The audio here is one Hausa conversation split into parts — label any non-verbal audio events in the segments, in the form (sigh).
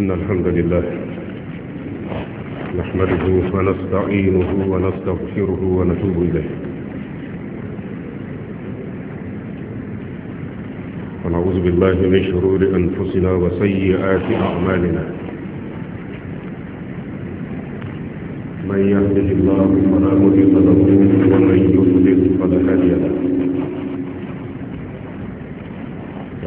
إن الحمد لله نحمده ونستعينه ونستغفره ونتوب إليه ونعوذ بالله من شرور أنفسنا وسيئات أعمالنا من يهده الله فلا مضل له ومن يضلل فلا هادي له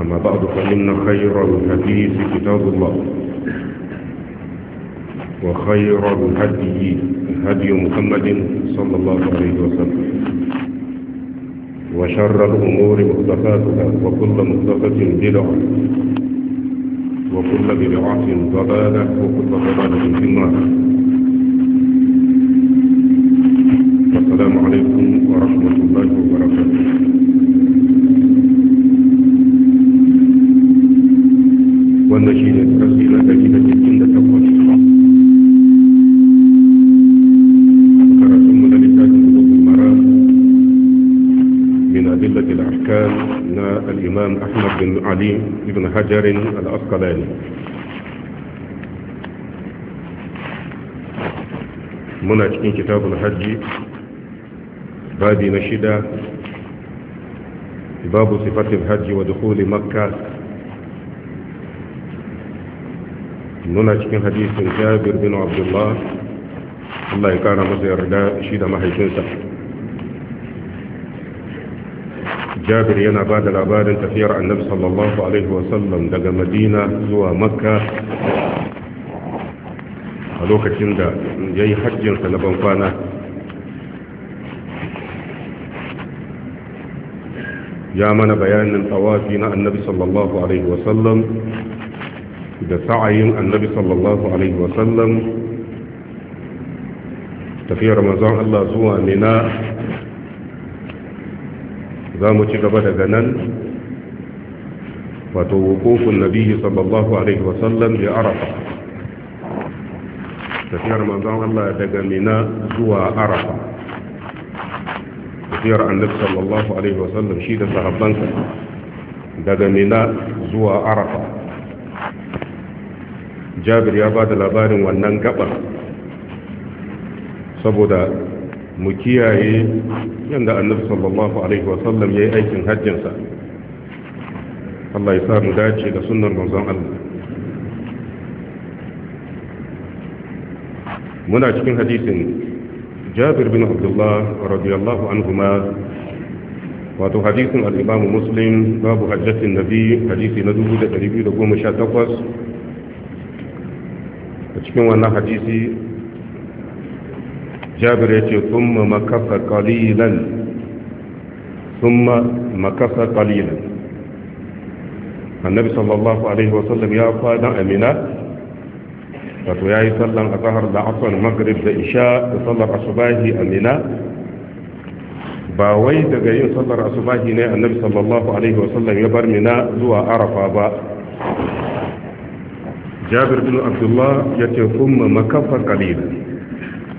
أما بعد فإن خير الحديث كتاب الله وخير الهدي هدي محمد صلى الله عليه وسلم وشر الأمور مختفاتها وكل مختفة بدعة وكل بدعة ضلالة وكل ضلالة في النار حجر الأسقلاني muna cikin kitabul hajji babu sifatin hajji wa dukuli makka muna cikin hadisin jabir bin abdullah Allah ya kara masa yarda mahaifinsa jabir yana ba da labarin tafiyar annabi sallallahu alaihi wasallam daga madina zuwa makka a lokacin da ya yi hajjinsa na banfana ya mana bayanin tsawafi na annabi sallallahu alaihi wasallam da sa'ayin annabi sallallahu alaihi wasallam tafiyar manzon Allah zuwa mina za mu ci gaba daga nan wato wukufin Nabihi sallallahu alaihi wasallam da arafa tafiyar manzon Allah daga mina zuwa arafa tafiyar annabi sallallahu alaihi wasallam shi da sahabbansa daga mina zuwa arafa jabir ya ba da labarin wannan gabar saboda mu kiyaye yadda annabi sallallahu alaihi wasallam ya yi aikin hajjinsa Allah ya sa mu dace da sunnar manzon Allah muna cikin hadisin jabir bin abdullah radiyallahu anhuma wato hadisin al-imam muslim babu hajjatin nabi hadisi na 2218 a cikin wannan hadisi jabir ya ce sun ma makasa kalilan sun ma makasa kalilan annabi sallallahu alaihi wasallam ya kwana amina wato ya yi sallan a zahar da asar magrib da isha da sallar asubahi amina ba wai daga yin sallar asubahi ne annabi sallallahu alaihi wasallam ya bar mina zuwa arafa ba jabir bin abdullah ya ce kuma makafa kalilan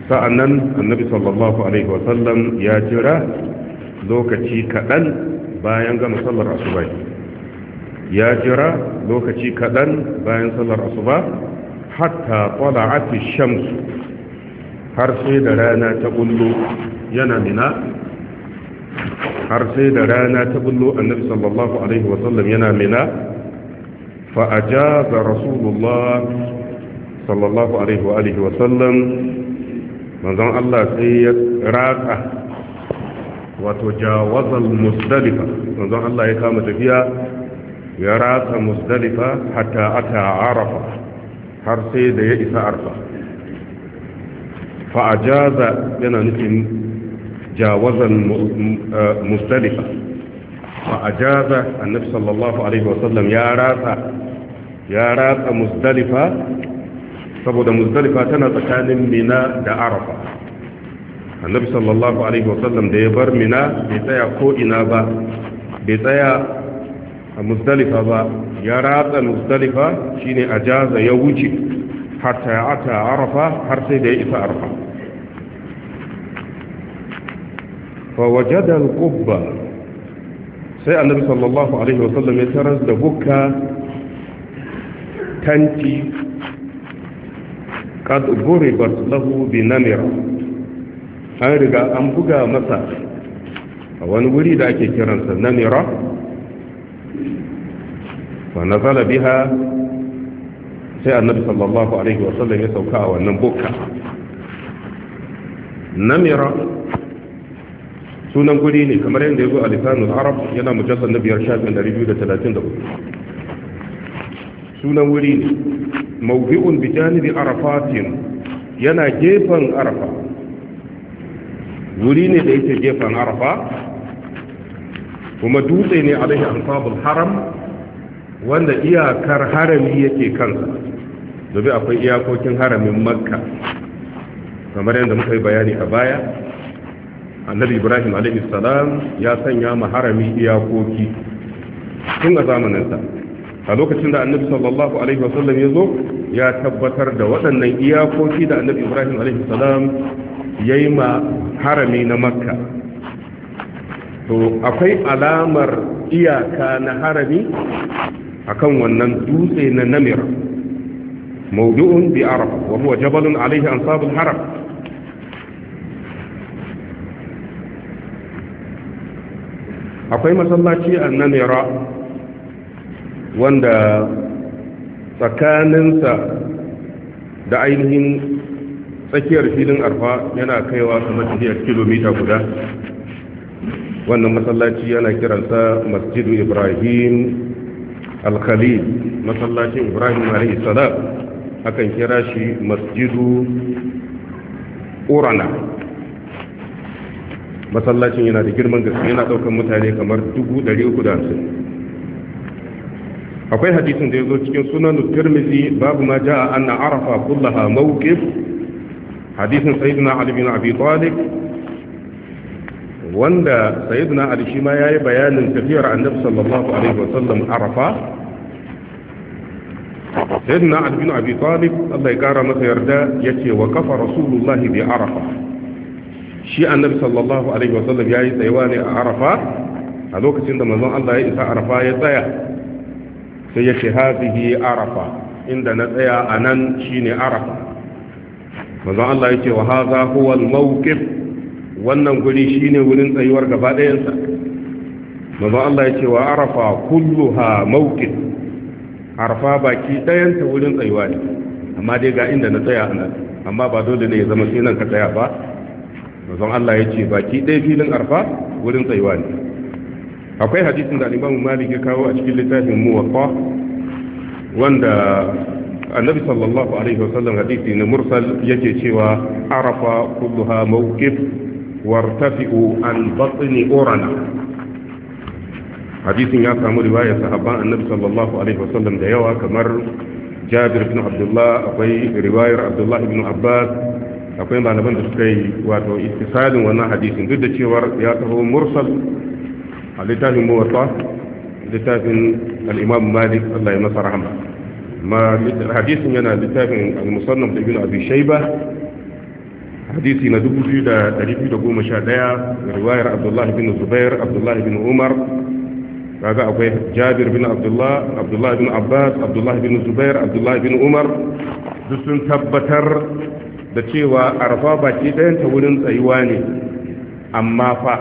sa'annan annabi sallallahu alaihi wasallam ya jira lokaci kaɗan bayan gama sallar asuba ya jira lokaci kaɗan bayan sallar asuba hatta tsala'ati shamsu har sai da rana ta bullo yana mina har sai da rana ta bullo annabi sallallahu alaihi wasallam yana mina fa ga rasulullah sallallahu alaihi wa alihi wasallam مازون الله سيد راكا وتجاوز المزدلفة مازون الله يقام تفيا يراك مزدلفة حتى أتى عرفة حرسي دي إسا عرفة فأجاز لنا نتن جاوز المزدلفة فأجاز النبي صلى الله عليه وسلم يا راكا يا راكا مزدلفة saboda muzdalifa tana tsakanin mina da arafa annabi sallallahu alaihi wasallam da ya bar mina bai tsaya ko ina ba bai tsaya a muzdalifa ba ya ratsa muzdalifa shine a jaza ya wuce hatta ata arafa har sai da ya isa arafa fa wajada al-qubba sai annabi sallallahu alaihi wasallam ya tarar da bukka tanti qad ghuribat lahu bi namira an riga an buga masa a wani wuri da ake kiransa namira wa nazala biha sai annabi sallallahu alaihi wa sallam ya sauka a wannan bukka namira sunan guri ne kamar yadda ya zo a lisanul arab yana mujallar na biyar shafin 234 sunan wuri ne mawdi'un bi janibi arafatin yana gefen arafa wuri ne da yake gefen arafa kuma dutse ne alaihi ansabul haram wanda iyakar harami yake kansa domin akwai iyakokin haramin makka kamar yadda muka yi bayani a baya annabi ibrahim alaihi salam ya sanya ma harami iyakoki tun a zamaninsa a lokacin da annabi sallallahu alaihi wasallam ya zo ya tabbatar da waɗannan iyakoki da annabi ibrahim alaihi salam ya yi ma harami na makka to akwai alamar iyaka na harami akan wannan dutse na namir maudu'un bi arafa wa huwa jabalun alaihi ansabul haram akwai masallaci a namira wanda tsakaninsa da ainihin tsakiyar filin arfa yana kaiwa kamar tafiyar kilomita guda wannan masallaci yana kiransa masjidu ibrahim al-khalil masallacin ibrahim alaihi salam akan kira shi masjidu urana masallacin yana da girman gaske yana daukan mutane kamar 350 akwai hadisin da ya zo cikin sunan tirmizi babu ma ja ja'a anna arafa kullaha mawqif hadisin sayyidina ali bin abi talib wanda sayyidina ali shi ma yayi bayanin tafiyar annabi sallallahu alaihi wasallam arafa sayyidina ali bin abi talib Allah ya kara masa yarda yace wa kafa rasulullahi bi arafa shi annabi sallallahu alaihi wasallam yayi tsayuwa ne a arafa a lokacin da manzon Allah ya isa arafa ya tsaya sai ya ce hazihi arafa inda na tsaya a nan shine arafa manzon Allah yake wa haza huwa al-mawqif wannan guri shine wurin tsayuwar gaba ɗayansa manzon Allah yake wa arafa kullu ha mawqif arafa baki ɗayanta wurin tsayuwa ne amma dai ga inda na tsaya a nan amma ba dole ne ya zama sai nan ka tsaya ba manzon Allah yake baki ɗaya filin arafa wurin tsayuwa ne akwai hadisin da alimamu malik ya kawo a cikin littafin muwaffa wanda annabi sallallahu alaihi wasallam hadisi na mursal yake cewa arafa kulluha mawqif wartafi'u an batni urana hadisin ya samu riwaya sahabban annabi sallallahu alaihi wasallam da yawa kamar jabir ibn abdullah akwai riwayar abdullah ibn abbas akwai malaman da suka yi wato ittisalin wannan hadisin duk da cewar ya taho mursal a littafin muwatta littafin al-imam malik Allah ya masa rahama ma hadisin yana littafin al-musannaf da ibn abi shayba hadisi na 2211 riwayar abdullahi bin zubair abdullahi bin umar kaga akwai jabir bin abdullah Abdullahi bin abbas Abdullahi bin zubair Abdullahi bin umar duk sun tabbatar da cewa arfa baki ta wurin tsayuwa ne amma fa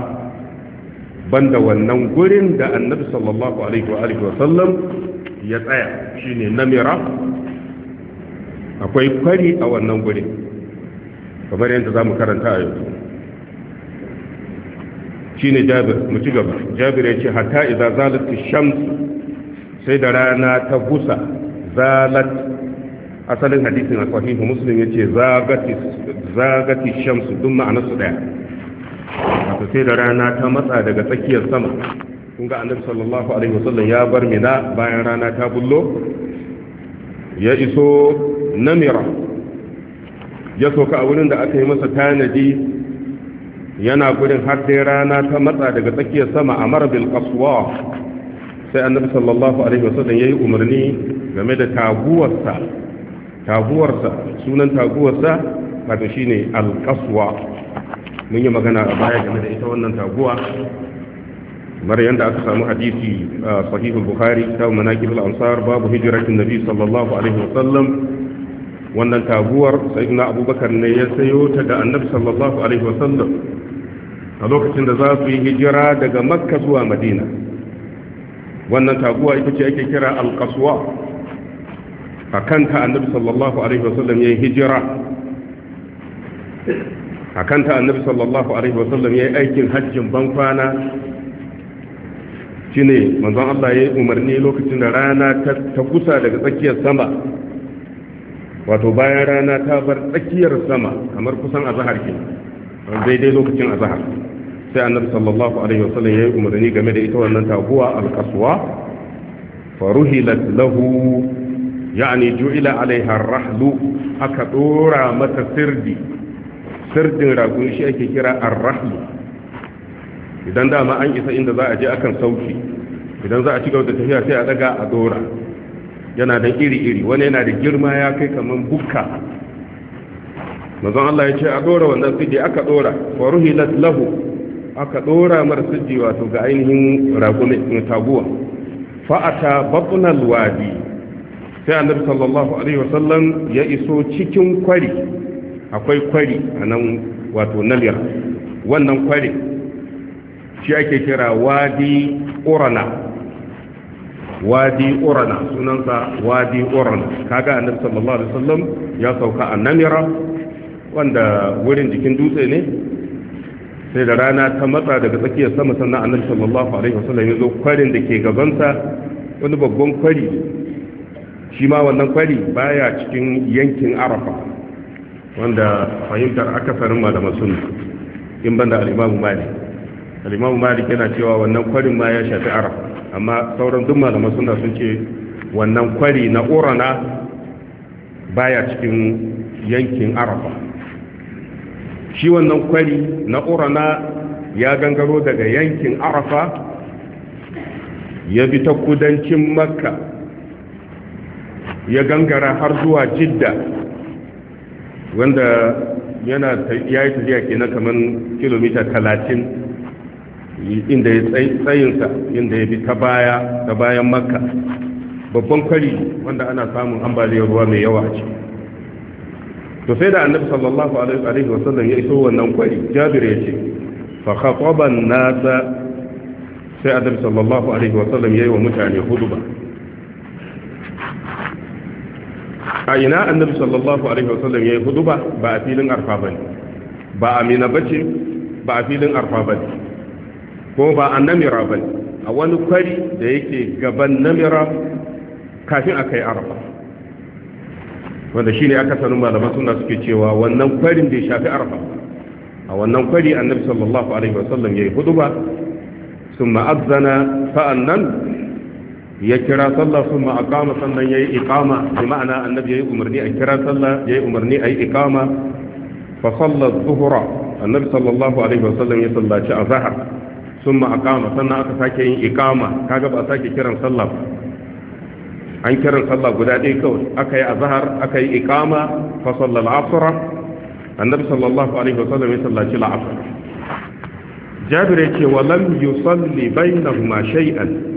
banda wannan gurin da annabi sallallahu alaihi wa alihi wasallam ya tsaya shine namira akwai kwari a wannan gurin kamar yadda zamu karanta a yau shine jabir mu ci gaba jabir ya ce hatta idza zalat ash-shams sai da rana ta gusa zalat asalin hadisin a sahihu muslim yace zagati zagati Shamsu, dun ma'ana su daya wato sai da rana ta matsa daga tsakiyar sama kun ga annabi sallallahu alaihi wasallam ya bar mina bayan rana ta bullo ya iso namira ya soka a wurin da aka yi masa tanadi yana gurin har dai rana ta matsa daga tsakiyar sama a marabil kasuwa sai annabi sallallahu alaihi wasallam ya yi umarni game da taguwarsa taguwarsa sunan taguwarsa wato shine alkaswa mun yi magana a baya game da ita wannan taguwa kamar yadda aka samu hadisi a sahihul bukhari ta manaqib al-ansar babu hijratin nabi sallallahu alaihi wasallam wannan taguwar sayyidina abubakar ne ya sayo ta da annabi sallallahu alaihi wasallam a lokacin da za su yi hijira daga makka zuwa madina wannan taguwa ita ce ake kira al-qaswa a kanta annabi sallallahu alaihi wasallam ya yi hijira A kanta annabi sallallahu alaihi wasallam yi aikin hajjin ban kwana shine manzon Allah ya yi umarni lokacin da rana ta kusa daga tsakiyar sama wato bayan rana ta bar tsakiyar sama kamar kusan azhar ke daidai lokacin azhar sai annabi sallallahu alaihi wasallam yi umarni game da ita wannan taguwa al-qaswa faruhilat lahu ya'ani ju'ila alaiha ar-rahlu aka dora mata sirdi sirdin ragun shi ake kira arrahmu idan dama an isa inda za a je akan sauki idan za a ci gaba da tafiya sai a daga a dora yana da iri-iri wani yana da girma ya kai kaman bukka mazan Allah ya ce a dora wannan sirdi aka dora wa ruhilat lahu aka dora mar sirdi wato ga ainihin raƙumi taguwa fa'ata babnal wadi sai annabi sallallahu alaihi wasallam ya iso cikin kwari akwai kwari a nan wato nalira wannan kwari shi ake kira wadi urana wadi urana sunansa wadi urana kaga nan sallallahu alaihi wasallam ya sauka a namira wanda wurin jikin dutse ne sai da rana ta matsa daga tsakiyar sama sannan nan sallallahu alaihi wasallam ya zo kwarin da ke gabansa wani babban kwari shi ma wannan kwari baya cikin yankin arafa wanda fahimtar akasarin malaman suna, in banda al'imamu malik al'imamu malik yana cewa wannan kwarin ma ya shafi arab amma sauran duk malaman suna sun ce wannan kwari na urana baya cikin yankin arafa. shi wannan kwari na urana ya gangaro daga yankin arafa ya bi ta kudancin makka ya gangara har zuwa jidda wanda yana ya yi tafiya kenan kamar kilomita talatin inda ya tsayinsa inda ya bi ta baya ta bayan makka babban kwari wanda ana samun ambaliyar ruwa mai yawa ce to sai da annabi sallallahu alaihi wa sallam ya iso wannan kwari jabir ya ce fa khataban nasa sai annabi sallallahu alaihi wasallam yayi wa mutane huduba a ina annabi sallallahu alaihi wasallam yi huduba ba Ba a filin arfa ba ne, ba amina bace ba a filin arfa bane ko ba a namira bane a wani kwari da yake gaban namira kafin a kai arfa wanda shine aka sanin malaman suna suke cewa wannan kwarin bai shafi arfa a wannan kwari annabi sallallahu alaihi wasallam ba? Sun ma'azana أذن فأنن ya kira sallah sun a kama sannan ya yi ikama bi ma'ana annabi ya yi umarni a kira sallah ya yi umarni a yi ikama fa sallar zuhura annabi sallallahu alaihi wasallam ya sallaci a zahar sun ma akama sannan aka sake yin ikama kaga ba a sake kiran sallah an kiran sallah guda ɗaya kawai aka yi a zahar aka yi ikama fa sallar asura annabi sallallahu alaihi wasallam ya sallaci la'asar jabir ya ce wa lam yusalli bainahuma shay'an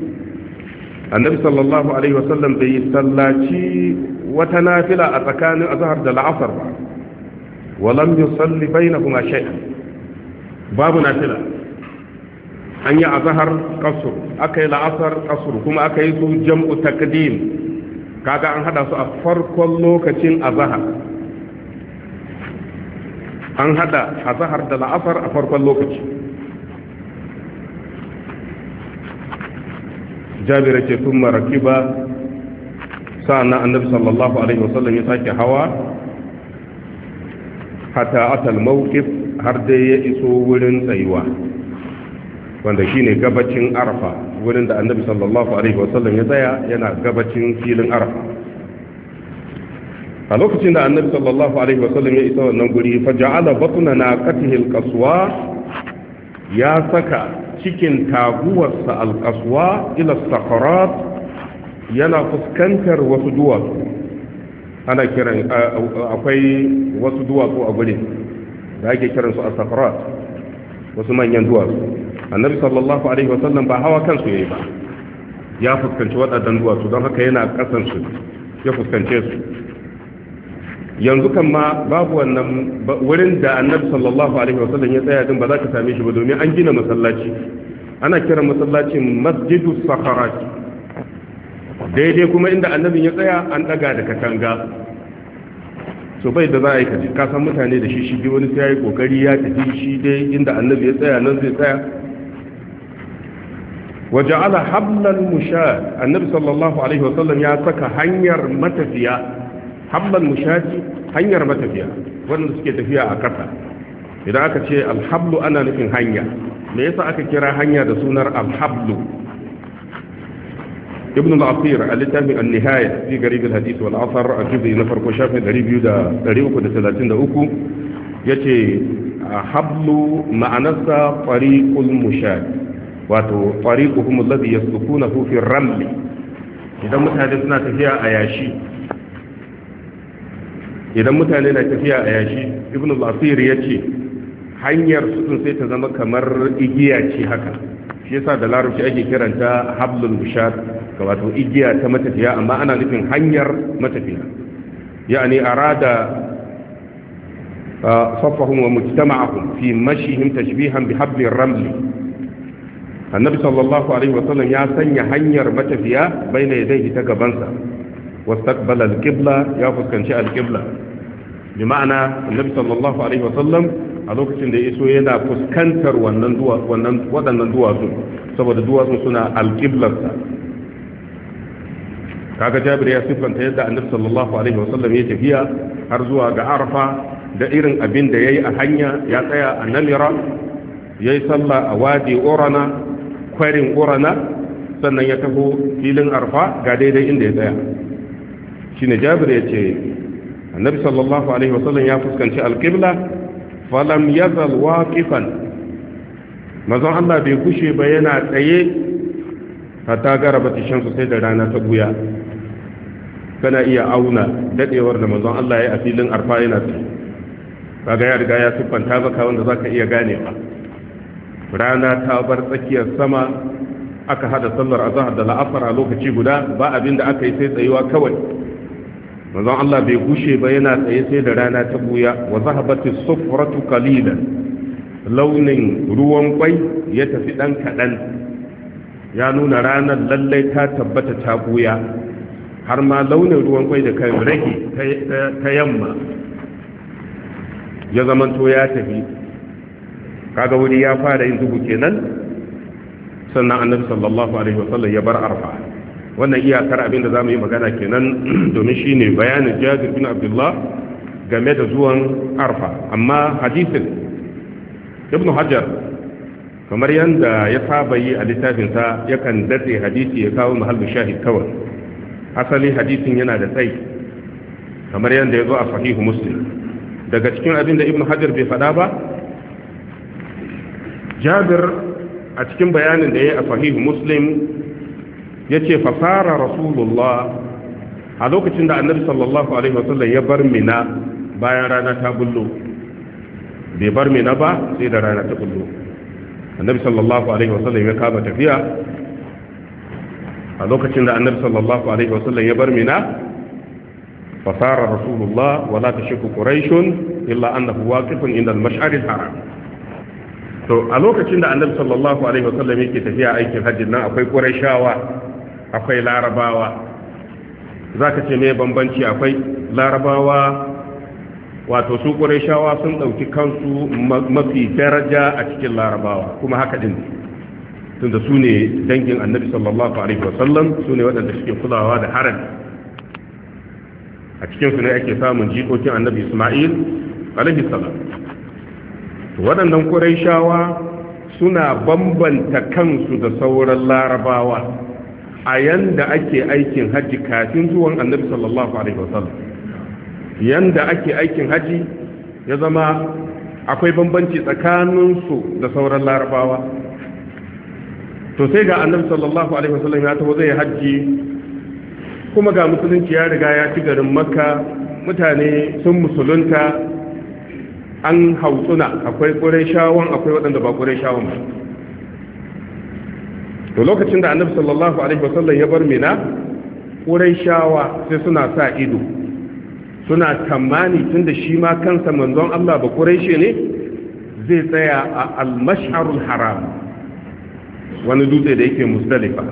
annabi sallallahu alaihi wasallam bai yi sallaci wata nafila a tsakanin azhar da la'asar ba Wa walam yusalli bainahuma shay'an babu nafila an yi azhar qasr yi la'asar qasr kuma akai su jam'u takdim kaga an hada su a farkon lokacin azhar an hada azhar da la'asar a farkon lokaci jabir ce sun maraki ba sa'annan annabi sallallahu alaihi wasallam ya sake hawa hata atal mawqif har dai ya iso wurin tsayuwa wanda shi ne gabacin arfa wurin da annabi sallallahu alaihi wasallam ya tsaya yana gabacin filin arfa a lokacin da annabi sallallahu alaihi wasallam ya isa wannan guri fa ja'ala na naqatihi al ya saka cikin taguwarsa alkaswa ila sakarat yana fuskantar wasu duwatsu ana kiran akwai wasu duwatsu a gudun da ake kiransu a sakarat wasu manyan duwatsu annabi sallallahu alaihi wasallam ba hawa kansu yayi ba ya fuskanci waɗannan duwatsu don haka yana ƙasansu ya fuskance su yanzu kan ma babu wannan wurin da annabi sallallahu alaihi wasallam ya tsaya din ba za ka same shi ba domin an gina masallaci ana kiran masallacin masjidu sakharat daidai kuma inda annabin ya tsaya an daga da katanga so bai da za a yi kaji ka san mutane da shi shi ji wani sai ya kokari ya tafi shi dai inda annabi ya tsaya nan zai tsaya Waje حبل المشاة النبي صلى الله عليه وسلم ya saka hanyar matafiya. habban mushaji hanyar matafiya wanda suke tafiya a ƙasa idan aka ce alhablu ana nufin hanya me yasa aka kira hanya da sunar alhablu ibn al-asir al littafin an-nihaya fi garib al-hadith wal asar a juzu na farko shafin 233 yace hablu ma'anarsa tariqul mushad wato tariquhum alladhi yaslukunahu fi ar-raml idan mutane suna tafiya a yashi idan mutane na tafiya a yashi ibn al-asir ya ce hanyar sukun sai ta zama kamar igiya ce haka shi yasa da larabci ake kiranta hablul bishar igiya ta matafiya amma ana nufin hanyar matafiya yani arada ah, safahum wa mujtama'ahum fi mashihim tashbihan bi hablir raml annabi sallallahu alaihi wa sallam ya sanya hanyar matafiya ya yadayhi ta gabansa واستقبل القبلة يا فكان شيء القبلة bi ma'ana annabi sallallahu alaihi wasallam a lokacin da ya iso yana fuskantar wannan waɗannan duwatsun saboda duwatsun suna alƙiblarsa kaga jabir ya siffanta yadda annabi sallallahu alaihi wasallam ya tafiya har zuwa ga arfa da irin abin da yayi a hanya ya tsaya a namira yayi sallah a wadi urana kwarin urana sannan ya taho filin arfa ga daidai inda ya tsaya shine jabir ya ce annabi sallallahu alaihi wasallam ya fuskanci alqibla falam yazal waqifan mazan Allah bai gushe ba yana tsaye hatta garaba tishan su sai da rana ta guya kana iya auna dadewar da mazan Allah ya a filin arfa yana ta? kaga ya riga ya siffanta baka wanda ka iya ganewa rana ta bar tsakiyar sama aka hada sallar azahar da la'afar a lokaci guda ba abin da aka yi sai tsayuwa kawai manzon Allah bai gushe ba yana tsaye sai da rana ta buya wa zahabati sufratu qalilan launin ruwan kwai ya tafi dan kadan ya nuna ranar lallai ta tabbata ta buya har ma launin ruwan kwai da kai rage ta yamma ya zamanto ya tafi kaga wuri ya fara yin dubu kenan sannan annabi sallallahu alaihi wasallam ya bar arfa'a wannan iyakar abin da za mu yi magana kenan (clears throat) domin shi ne bayanin jabir bin abdullah game da zuwan arfa amma hadisin ibn hajar kamar yadda ya saba yi a littafinsa yakan daɗe hadisi ya kawo mahallu shahid kawai asali hadisin yana da tsayi kamar yadda ya zo a sahihu muslim daga cikin abin da ibn hajar bai faɗa ba jabir a cikin bayanin da ya yi a sahihu muslim ya ce fasara rasulullah a lokacin da annabi sallallahu alaihi wasallam ya bar mina bayan rana ta bullo bai bar mina ba sai da rana ta bullo annabi sallallahu alaihi wasallam ya kama tafiya a lokacin da annabi sallallahu alaihi wasallam ya bar mina fasara rasulullah wala tashku quraishun illa annahu waqifun inda al-mash'ar al-haram to a lokacin da annabi sallallahu alaihi wasallam yake tafiya aikin hajji nan akwai qurayshawa akwai larabawa za ka ce ne bambanci akwai larabawa wato su ƙureshawa sun ɗauki kansu mafi daraja a cikin larabawa kuma haka tun tunda su ne dangin annabi sallallahu alaihi wasallam su ne waɗanda suke kulawa da haram a cikinsu ne ake samun jikokin annabi isma'il alaihi salam waɗannan ƙureshawa suna bambanta kansu da sauran larabawa a yanda ake aikin hajji kafin zuwan annabi sallallahu alaihi wasallam yanda ake aikin hajji ya zama akwai bambanci tsakanin su da sauran larabawa to sai ga annabi sallallahu alaihi wasallam ya taho zai haji kuma ga musulunci ya riga ya ci garin makka mutane sun musulunta an hautsuna akwai ƙurai shawon akwai waɗanda ba ƙurai shawon ba to lokacin da annabi sallallahu alaihi wasallam ya bar mina shawa sai suna sa ido suna tamani tunda shi ma kansa manzon Allah ba quraishe ne zai tsaya a al-mash'arul haram wani dutse da yake musdalifa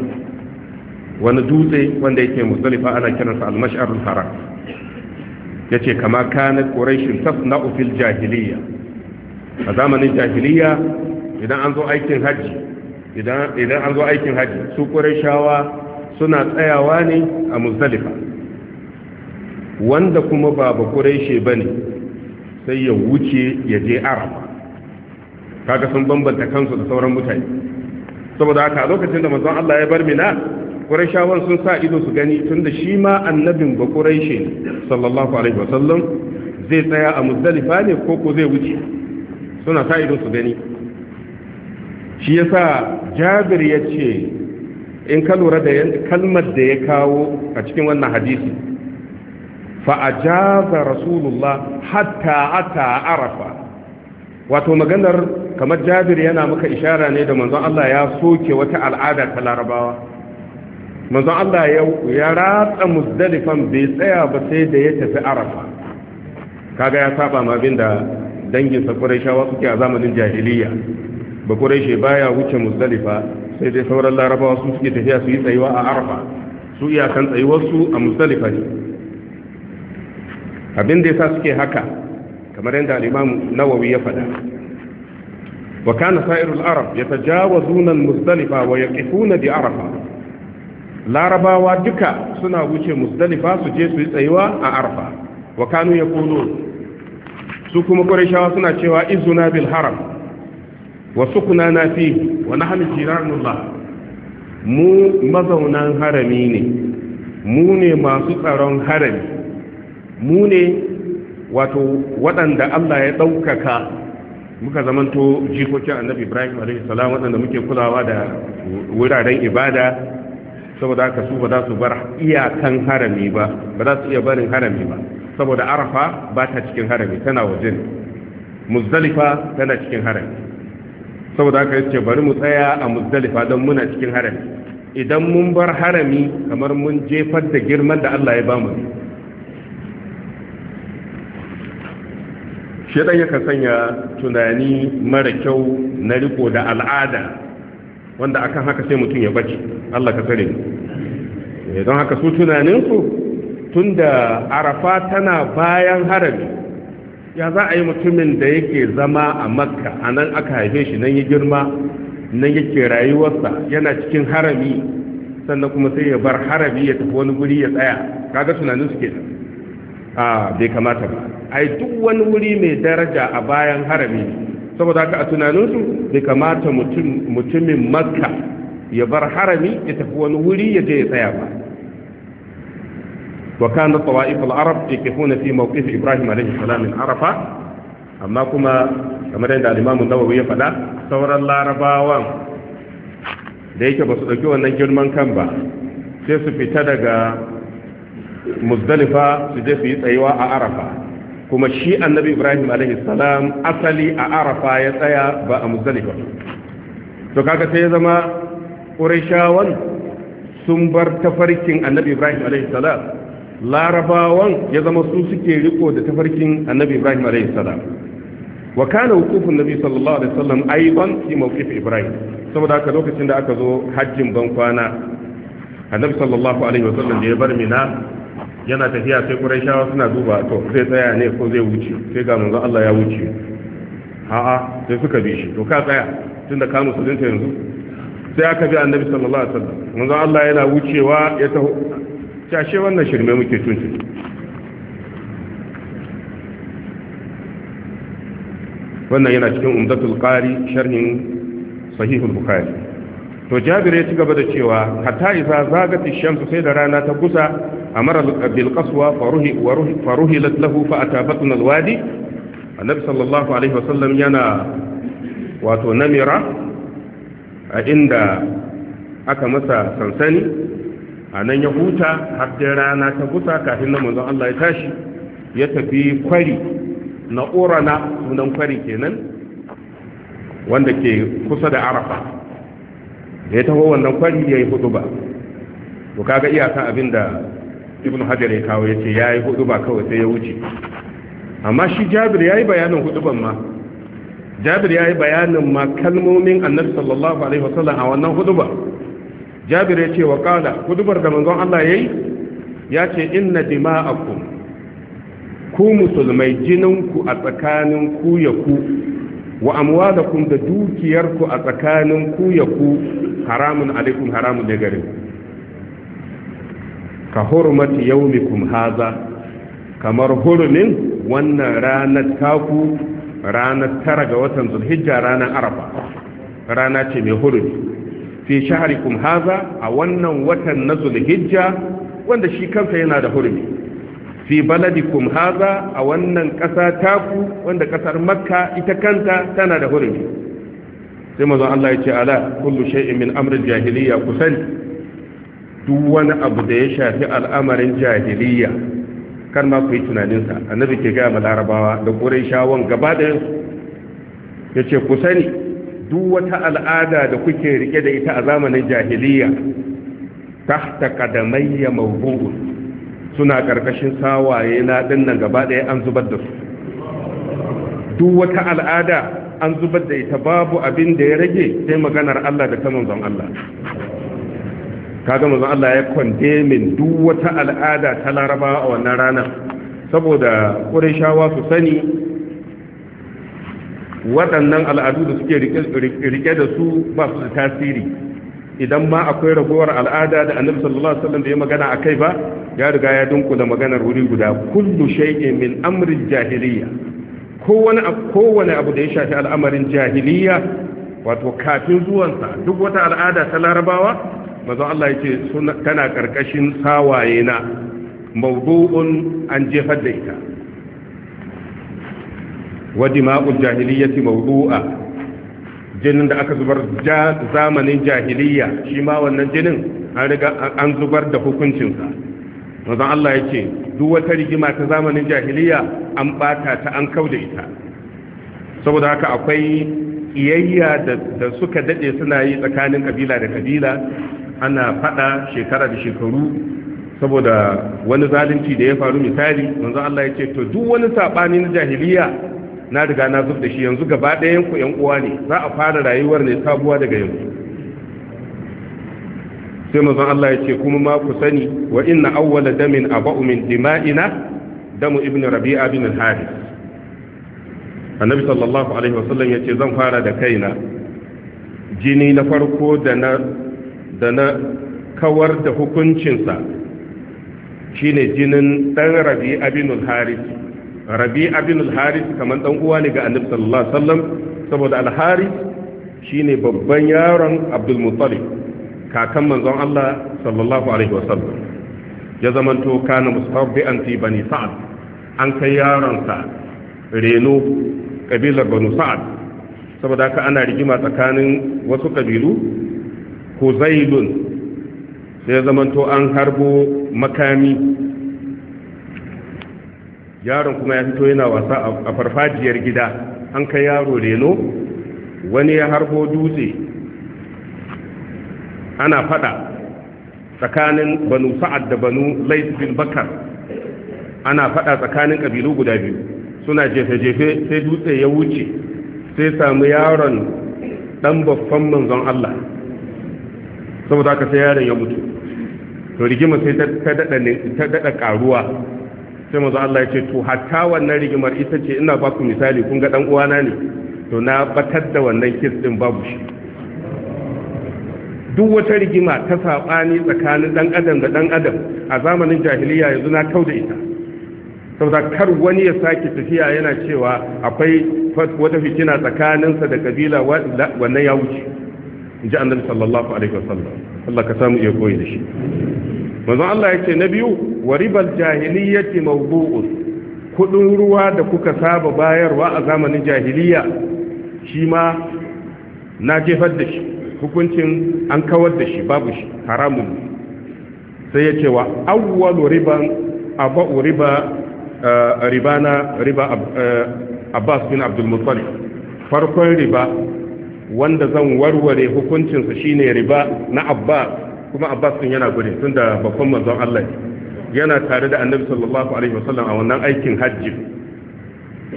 wani dutse wanda yake musdalifa ana kiransa al-mash'arul haram yace kama kana quraishin tasna'u fil jahiliya a zamanin jahiliya idan an zo aikin hajji idan an zo aikin hajji su ƙurashawa suna tsayawa ne a muzdalifa wanda kuma ba ba ƙurashe ba ne sai ya wuce ya je arama kaga sun bambanta kansu da sauran mutane saboda haka a lokacin da mazan Allah ya bar mina ƙurashawan sun sa ido su gani tunda shi ma annabin ba ƙurashe sallallahu alaihi wasallam zai tsaya a muzdalifa ne ko ko zai wuce suna sa ido su gani shi yasa jabir ya ce in ka lura da kalmar da ya kawo a cikin wannan hadisi fa'ajaza rasulullah hatta ata arafa wato maganar kamar jabir yana maka ishara ne da manzon Allah ya soke wata al'ada ta larabawa manzon Allah ya ratsa muzdalifan bai tsaya ba sai da ya tafi arafa kaga ya saba ma abin da dangin sakurai shawa suke a zamanin jahiliya ba quraishi baya wuce muzdalifa sai dai sauran larabawa su suke tafiya su yi tsayuwa a arafa su iyakan tsayuwarsu a muzdalifa ne abin da yasa suke haka kamar yadda al-imam nawawi ya faɗa wa kana sa'irul arab yatajawazuna al-muzdalifa wa yaqifuna bi arafa larabawa duka suna wuce muzdalifa su je su yi tsayuwa a arafa wa kanu yaqulun su kuma qurayshawa suna cewa izuna bil haram Wasu kuna na fi wa nahnu jiranullah mu mazaunan harami ne mu ne masu tsaron harami mu ne wato waɗanda Allah ya ɗaukaka muka zamanto jikokin annabi Ibrahim alaihi salam waɗanda muke kulawa da wuraren ibada saboda haka su ba za su bar iyakan harami ba ba za su iya barin harami ba saboda arafa ba ta cikin harami tana wajen muzdalifa tana cikin harami saboda haka yace bari mu tsaya a muzdalifa don muna cikin harami idan mun bar harami kamar mun jefar da girman da Allah ya bamu shedan yakan sanya tunani mara kyau na riko da al'ada wanda akan haka sai mutum ya bace Allah ka tsare eh, don haka su tunaninsu tunda arafa tana bayan harami ya za a yi mutumin da yake zama a makka a nan aka haife shi nan ya girma nan yake rayuwarsa yana cikin harami sannan kuma sai ya bar harami ya tafi wani guri ya tsaya kaga tunanin su da a bai kamata ba ai duk wani wuri mai daraja a bayan harami saboda haka a tunanin su bai kamata mutumin makka ya bar harami ya tafi wani wuri ya je ya tsaya ba wa kana tawaiful arab yakifuna fi mawqif ibrahim alaihi salam min arafa amma kuma kamar yadda al nawawi ya faɗa sauran larabawan da yake ba su ɗauki wannan girman kan ba sai su fita daga muzdalifa su je su yi tsayuwa a arafa kuma shi annabi ibrahim salam asali a arafa ya tsaya ba a muzdalifa to kaga sai ya zama ƙurashawan sun bar tafarkin annabi ibrahim salam larabawan ya zama su suke riko da tafarkin annabi ibrahim alaihi salam wa kana hukufin nabi sallallahu alaihi wasallam aiban fi mawqif ibrahim saboda haka lokacin da aka zo hajjin ban kwana annabi sallallahu alaihi wasallam da ya bar mina yana tafiya sai quraishawa suna duba to zai tsaya ne ko zai wuce sai ga manzo Allah ya wuce a'a sai suka bi shi to ka tsaya tunda ka musulunta yanzu sai aka bi annabi sallallahu alaihi wasallam manzo Allah yana wucewa ya taho cashe wannan shirme muke tuntun wannan yana cikin umdatul qari sharhin sahihul bukhari to jabir ya ci gaba da cewa hatta idza zagati ash-shams sai da rana ta kusa amara bil qaswa faruhi wa ruhi faruhi lahu fa atabatun al-wadi annabi sallallahu alaihi wasallam yana wato namira a inda aka masa sansani a nan ya huta har da rana ta gusa kafin na manzon Allah ya tashi ya tafi kwari na urana sunan kwari kenan wanda ke kusa da arafa da ya taho wannan kwari ya yi huduba to kaga iyakan abin da ibn hajar ya kawo ya ce ya yi huduba kawai sai ya wuce amma shi jabir ya yi bayanin huduban ma jabir ya yi bayanin ma kalmomin annabi sallallahu alaihi wasallam a wannan huduba jabir ya ce wa kala kudubar da manzon Allah ya yi ya ce inna dima'akum ku musulmai jininku a tsakanin ku ya ku wa amuwa da da dukiyarku a tsakanin ku ya ku haramun alaikum haramun da garin ka hurmati yaumikum haza kamar hurumin wannan ranar taku ranar tara ga watan zulhijja ranar arafa rana ce mai hurumi fi shaharikum haza a wannan watan na zulhijja wanda shi kansa yana da hurmi fi baladikum haza a wannan ƙasa taku wanda ƙasar makka ita kanta tana da hurmi sai mazan Allah ya ce ala kullu shay'in min amrin jahiliya ku sani duk wani abu da ya shafi al'amarin jahiliya kan ma ku yi tunaninsa annabi ke gaya ma larabawa da ƙurai shawon gaba da ya ce ku sani duk wata al'ada da kuke rike da ita a zamanin jahiliya tahta ya mawdu'un suna karkashin sawaye na dinnan gaba daya an zubar da su duk wata al'ada an zubar da ita babu abin da ya rage sai maganar Allah da ta zan Allah kaga manzon Allah ya min duk wata al'ada ta Larabawa a wannan rana, saboda Qurayshawa su sani waɗannan al'adu da suke rike da su ba su da tasiri idan ma akwai ragowar al'ada da annabi sallallahu alaihi wasallam bai magana akai ba ya riga ya dunkula maganar wuri guda kullu shay'in min amri jahiliya kowane kowane abu da ya shafi al'amarin jahiliya wato kafin zuwansa duk wata al'ada ta larabawa mazan Allah ya ce tana karkashin sawaye na mawdu'un an jefar da ita wa dima'ul jahiliyyati mawdu'a jinin da aka zubar zamanin jahiliya shi ma wannan jinin an riga an zubar da hukuncinsa manzon Allah yake duk wata rigima ta zamanin jahiliya an bata ta an kauda ita saboda haka akwai iyayya da suka dade suna yi tsakanin kabila da kabila ana fada shekara da shekaru saboda wani zalunci da ya faru misali manzon Allah yake to duk wani sabani na jahiliya na riga na zub da shi yanzu gaba ɗayan ku yan uwa ne za a fara rayuwar ne sabuwa daga yanzu sai manzon Allah ya ce kuma ma ku sani wa inna awwala damin aba'u min dima'ina damu ibn rabi'a bin al-harith annabi sallallahu alaihi wasallam ya ce zan fara da kaina jini na farko da na da na kawar da hukuncinsa shine jinin dan rabi'a bin al-harith Rabi bin al kamar dan uwa ne ga annabi sallallahu alaihi wasallam saboda al shine babban yaron abdul muttalib kakan manzon Allah sallallahu alaihi wasallam ya zamanto kana musabbi'an fi bani sa'ad an kai yaron sa reno kabilar banu sa'ad saboda haka ana rigima tsakanin wasu kabilu huzailun sai ya zamanto an harbo makami yaron kuma ya fito yana wasa a farfajiyar gida an kai yaro reno wani ya harbo dutse ana fada tsakanin banu sa'ad da banu Laif bin bakar ana fada tsakanin kabilu guda biyu suna jefe-jefe sai dutse ya wuce sai samu yaron dan babban manzon Allah saboda aka sai yaron ya mutu to rigima sai ta dada karuwa sai manzo Allah ya ce to hatta wannan rigimar ita ce ina baku misali kun ga dan uwana ne to na batar da wannan kis din babu shi duk wata rigima ta sabani tsakanin dan adam da dan adam a zamanin jahiliya yanzu na kauda ita saboda kar wani ya sake tafiya yana cewa akwai wata fitina tsakaninsa da kabila wannan ya wuce in ji annabi sallallahu alaihi wasallam Allah ka samu iya koyi da shi manzon Allah ce na biyu wa ribal jahiliyyati mawdu'un kudin ruwa da kuka saba bayarwa a zamanin jahiliya shi ma na jefar da shi hukuncin an kawar da shi babu shi haramun sai ya ce wa awwal riban abu riba eh, ribana riba eh, Abbas bin Abdul Muttalib farkon riba wanda zan warware hukuncinsa shine riba na Abbas kuma abbas din yana gudun tunda babban manzon Allah yana tare da annabi sallallahu alaihi wasallam a wannan aikin hajji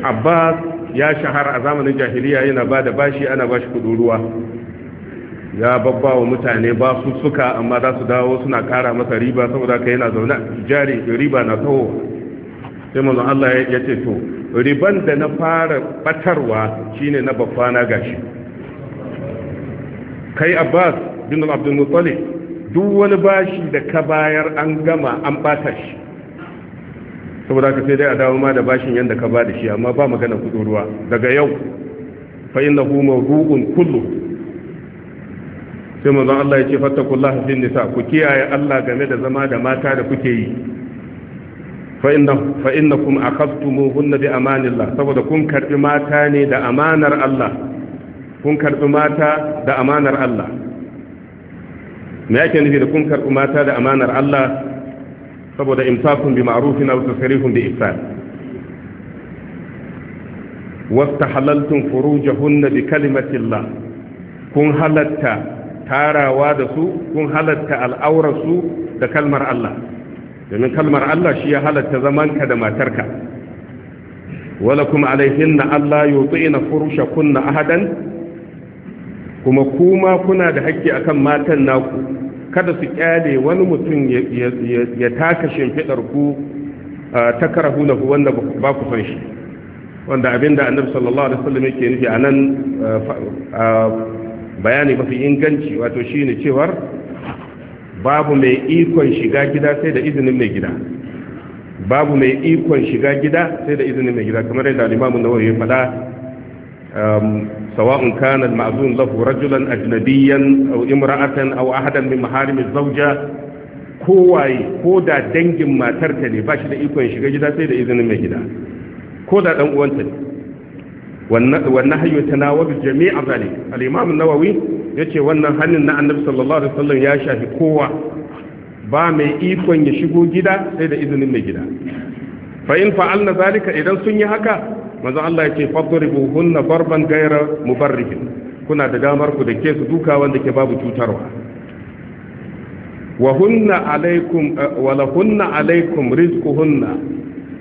abbas ya shahara a zamanin jahiliya yana ba da bashi ana bashi kudin ruwa ya babba wa mutane ba su suka amma za su dawo suna kara masa riba saboda kai yana zaune jari riba na taho sai manzon Allah ya ce to riban da na fara batarwa shine na babba na gashi kai abbas bin abdul muttalib duk wani bashi da ka bayar an gama an bata shi saboda ka sai dai a dawo ma da bashin yadda ka ba da shi amma ba magana kudin ruwa daga yau fa innahu mawdu'un kullu sai manzon Allah ya ce fattakullaha fi nisa ku kiyaye Allah game da zama da mata da kuke yi fa innakum fa innakum akhadtumuhunna bi amanillah saboda kun karbi mata ne da amanar Allah kun karbi mata da amanar Allah me yake nufi da kun karɓi mata da amanar Allah saboda imsakun bi ma'rufin aw tasrifun bi ihsan wastahalaltum furujahunna bi kalimatillah kun halatta tarawa da su kun halatta al'aurarsu da kalmar Allah domin kalmar Allah shi ya halatta zamanka da matarka wala kuma alaihinna Allah furusha kunna ahadan kuma kuma kuna da hakki akan matan naku kada su kyale wani mutum ya taka shimfiɗar ku ta karahu na wanda ba ku san shi wanda abinda annabi sallallahu alaihi wasallam yake nufi a nan bayani mafi inganci wato shine cewar babu mai ikon shiga gida sai da izinin mai gida babu mai ikon shiga gida sai da izinin mai gida kamar yadda al-Imam an-Nawawi ya faɗa سواء كان المأذون له رجلا أجنبيا أو امرأة أو أحدا من محارم الزوجة kowaye ko da dangin matarka ne ba shi da ikon shiga gida sai da izinin mai gida ko da dan ne wannan hanyar jami'a yace wannan hannun na annabi sallallahu alaihi wasallam ya shafi kowa ba mai ikon ya shigo gida sai da izinin mai gida fa in fa'alna zalika idan sun yi haka manzo Allah yake fadribu hunna barban gaira mubarrihin kuna da damar ku da ke su duka wanda ke babu cutarwa wa hunna alaikum eh, wa la hunna alaikum rizquhunna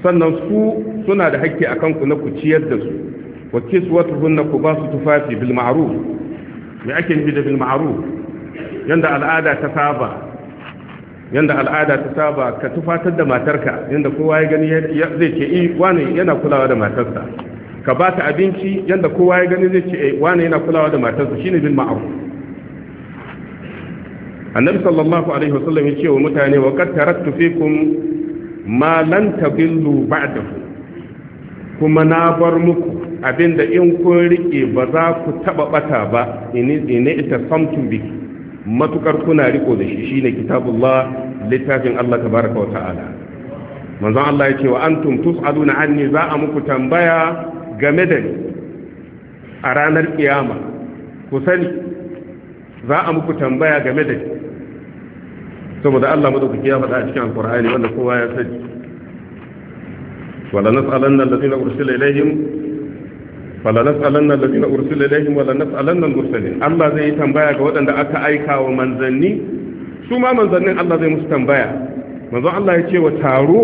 sannan su suna da hakki akan ku na ku ciyar da su wa kiswatuhunna ku ba su tufafi bil ma'ruf me ake nufi da bil ma'ruf yanda al'ada ta saba yanda al'ada ta saba ka tufatar da matarka yanda kowa ya gani zai ce eh wani yana kulawa da matarsa ka ba ta abinci yanda kowa ya gani zai ce eh wani yana kulawa da matarsa shine bin ma'ruf annabi sallallahu alaihi wasallam ya ce wa mutane wa qad taraktu fikum ma lan tabillu ba'dahu kuma na bar muku abinda in kun rike ba za ku taba bata ba ini ita samtum biki matukar kuna riko da shi shine kitabullah littafin Allah tabaraka wa ta'ala manzon Allah ya ce wa antum tus'aluna anni za a muku tambaya game da ni a ranar kiyama ku sani za a muku tambaya game da ni saboda Allah madaukaki ya faɗa a cikin alkur'ani wanda kowa ya sani wala nas'alanna allazina ursila ilaihim fala nas'alanna alladhina ursila ilaihim wala nas'alanna al-mursalin Allah zai tambaya ga waɗanda aka aika wa manzanni su ma manzannin Allah zai musu tambaya manzon Allah ya ce wa taro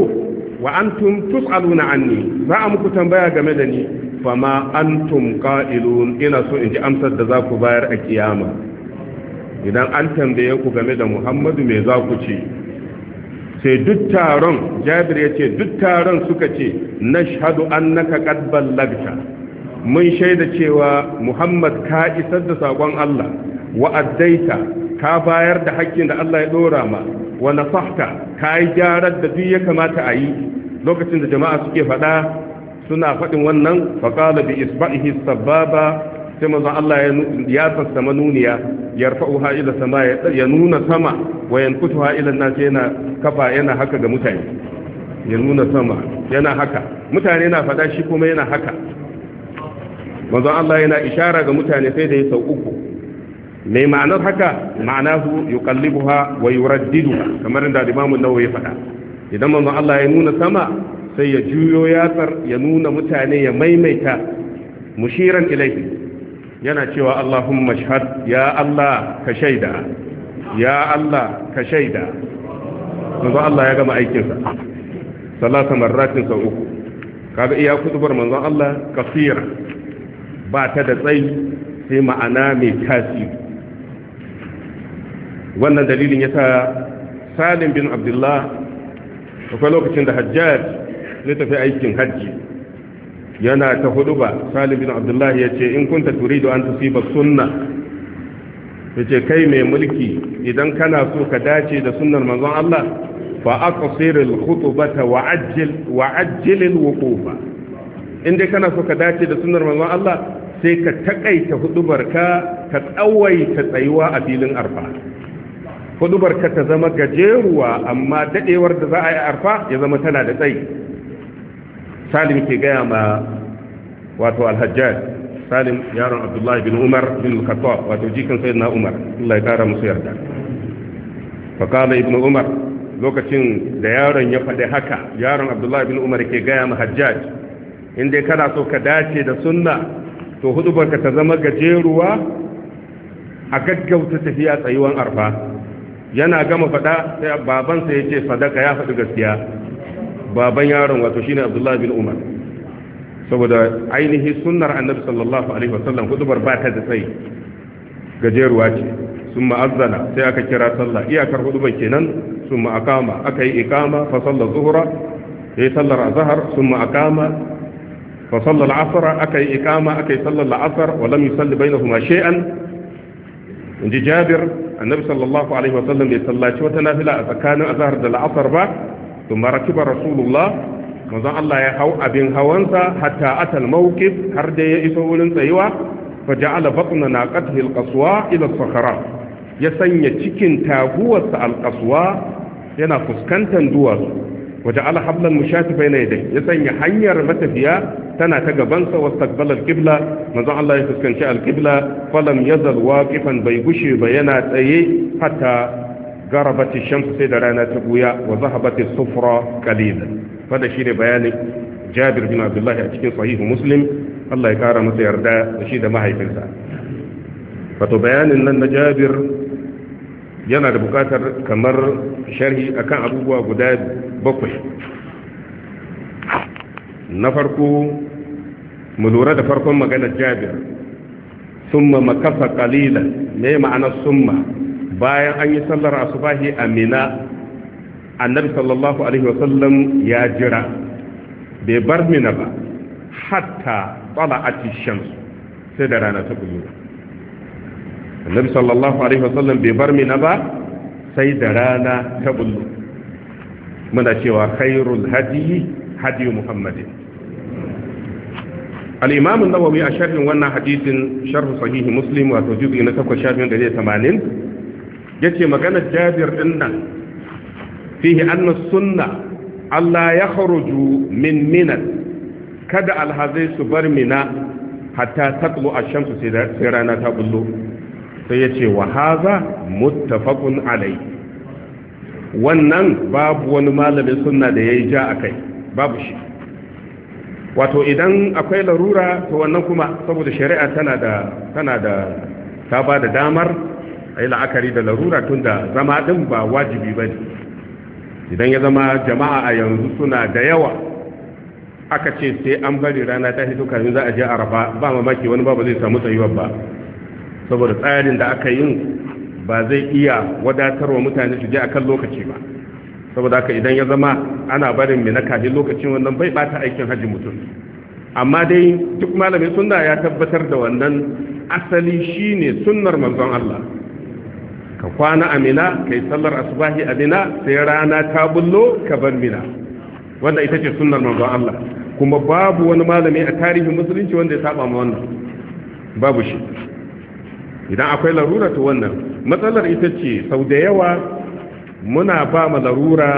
wa antum tus'aluna anni za a muku tambaya game da ni fa ma antum qa'ilun ina so in ji amsar da za ku bayar a kiyama idan an tambaye ku game da Muhammadu me za ku ce sai duk taron Jabir ya ce duk taron suka ce nashhadu annaka qad ballagta mun shaida cewa muhammad ka isar da sakon Allah wa addaita ka bayar da haƙƙin da Allah ya ɗora ma wa nasahta ka yi gyarar da duk ya kamata a yi lokacin da jama'a suke faɗa suna faɗin wannan faƙala bi isba'ihi sababa sai manzo Allah ya tsasta manuniya rufa'u ila sama ya nuna sama wa yankutuha ila nas yana kafa yana haka ga mutane ya nuna sama yana haka mutane na faɗa shi kuma yana haka manzon Allah yana ishara ga mutane sai da ya sau uku me ma'anar haka ma'anahu yuqallibuha wa yuraddiduha kamar da Imam an-Nawawi ya faɗa idan manzon Allah ya nuna sama sai ya juyo yatsar ya nuna mutane ya maimaita mushiran ilaihi yana cewa Allahumma shahad ya Allah ka shaida ya Allah ka shaida manzon Allah ya gama sa salasa marratin sau uku kaga iya kutubar manzon Allah kasira ba ta da tsayi sai ma'ana mai tasiri wannan dalilin ya sa salim bin abdullah akwai lokacin da hajjaj zai tafi aikin hajji yana ta hudu ba salim bin abdullah ya ce in kunta da an tafi ba sunna ya ce kai mai mulki idan kana so ka dace da sunnar manzon Allah fa aqsiril khutbata wa ajjil wa ajjilil wuqufa in dai kana so ka dace da sunnar manzon Allah sai ka takaita hudubarka ka tsawaita tsayuwa a filin arfa hudubarka ta zama gajeruwa amma dadewar da za a yi arfa ya zama tana da tsayi salim ke gaya ma wato alhajjaj salim yaron abdullahi bin umar bin khattab wato jikin na umar Allah ya kara musu yarda fa kana ibnu umar lokacin da yaron ya faɗi haka yaron abdullahi bin umar ke gaya ma hajjaj in dai kana so ka dace da sunna to hudubarka ta zama gajeruwa a gaggauta tafiya tsayuwan arfa yana gama faɗa sai babansa ya ce sadaka ya faɗi gaskiya baban yaron wato ne abdullahi bin umar saboda ainihi sunnar annabi sallallahu alaihi wasallam hudubar ba ta da tsayi gajeruwa ce sun ma'azzana sai aka kira sallah iyakar hudubar kenan sun ma'akama aka yi ikama fa sallar zuhura ya yi sallar azahar sun ma'akama fa sallal asr akai iqama akai sallal asr wa lam yusalli bainahuma shay'an inji jabir annabi sallallahu alaihi wasallam bai sallaci wata nafila a tsakanin azahar da la'asar ba to marakiba rasulullah manzon Allah ya hau abin hawansa hatta atal mawqif har da ya isa wurin tsayuwa fa ja'ala batna naqatihi al-qaswa ila as ya sanya cikin taguwarsa al yana fuskantar duwatsu وجعل حبل المشاة بين يديه يسني حنير متفيا تنا تجبنس واستقبل الكبلة مزع الله يسكن شاء الكبلة فلم يزل واقفا بيبشي بينات أي حتى غربت الشمس سيدرانا تبويا وذهبت الصفرة قليلا فده شير بياني جابر بن عبد الله أشكين صحيح مسلم الله يكرم سيرداء وشيد ما هي فلسان فتبيان أن جابر yana da كمر شرهي sharhi akan abubuwa bakwai na farko mu lura da farkon maganar jabir summa makasa kalilan me ma'anar summa bayan an yi sallar asubahi a mina annabi sallallahu alaihi wasallam ya jira bai bar mina ba hatta tsala a shamsu sai da rana ta buyu annabi sallallahu alaihi wasallam bai bar mina ba sai da rana ta buyu muna cewa khairul hadi hadi muhammadin al-imam an-nawawi a sharhin wannan hadisin sharh sahih muslim wato juz'i na 8 shafin ya ce magana jabir din nan fihi anna sunna Allah ya kharuju min minan kada alhazai su bar mina hatta tatlu a shamsu sai rana ta bullo sai ya ce wa hadha muttafaqun alayhi wannan babu wani malamin sunna da ya yi ja a kai babu shi wato idan akwai larura to wannan kuma saboda shari'a tana da tana da ta ba da damar a yi la'akari da larura tun da zama din ba wajibi ba ne idan ya zama jama'a a yanzu suna da yawa aka ce sai an bari rana ta hito kafin za a je araba ba mamaki wani babu zai samu tsayuwar ba saboda tsarin da aka yin ba zai iya wadatarwa mutane su je a kan lokaci ba saboda haka idan ya zama ana barin mai na kafin lokacin wannan bai bata aikin hajji mutum amma dai duk malamin suna ya tabbatar da wannan asali shi ne sunnar manzon Allah ka kwana a mina kai sallar asubahi a mina sai rana ta bullo ka bar mina wanda ita ce sunnar manzon Allah kuma babu wani malami a tarihin musulunci wanda ya saba ma wannan babu shi idan akwai larura to wannan matsalar ita ce sau da yawa muna ba ma larura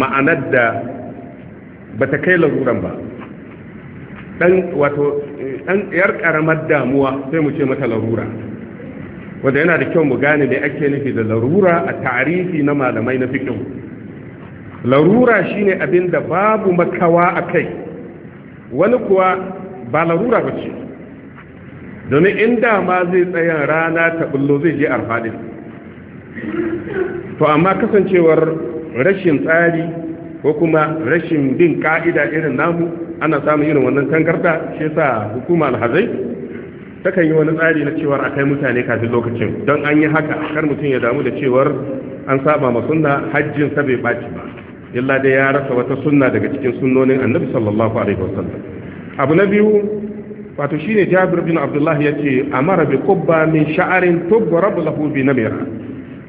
ma'anar da ba ta kai laruran ba dan wato dan yar karamar damuwa sai mu ce mata larura wanda yana da kyau mu gane me ake nufi da larura a tarihi na malamai na fikin larura shine abin da babu makawa akai wani kuwa ba larura bace domin in dama zai tsaya rana ta bullo zai je alfadin to amma kasancewar rashin tsari ko kuma rashin bin ka'ida irin namu ana samun irin wannan tangarda shi yasa hukuma alhazai takan yi wani tsari na cewar akai mutane kafin lokacin don an yi haka kar mutum ya damu da cewar an saba ma sunna hajjin sa bai baci ba illa dai ya rasa wata sunna daga cikin sunnonin annabi sallallahu alaihi wasallam abu na biyu wato shine jabir bin abdullah ce amara bi kubba min sha'arin rabu lahu bi namira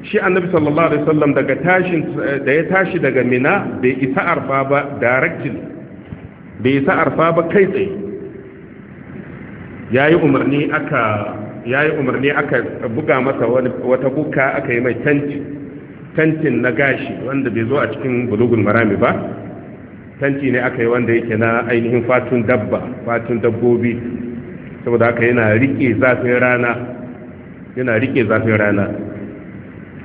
shi annabi sallallahu alaihi wasallam daga da ya tashi daga mina bai isa arfa ba directly bai isa arfa ba kai tsaye yayi umarni aka yayi umarni aka buga masa wata buka aka yi mai tanti tantin na gashi wanda bai zo a cikin bulugun marami ba tanti ne aka yi wanda yake na ainihin fatun dabba fatun dabbobi saboda haka yana rike zafin rana yana rike zafin rana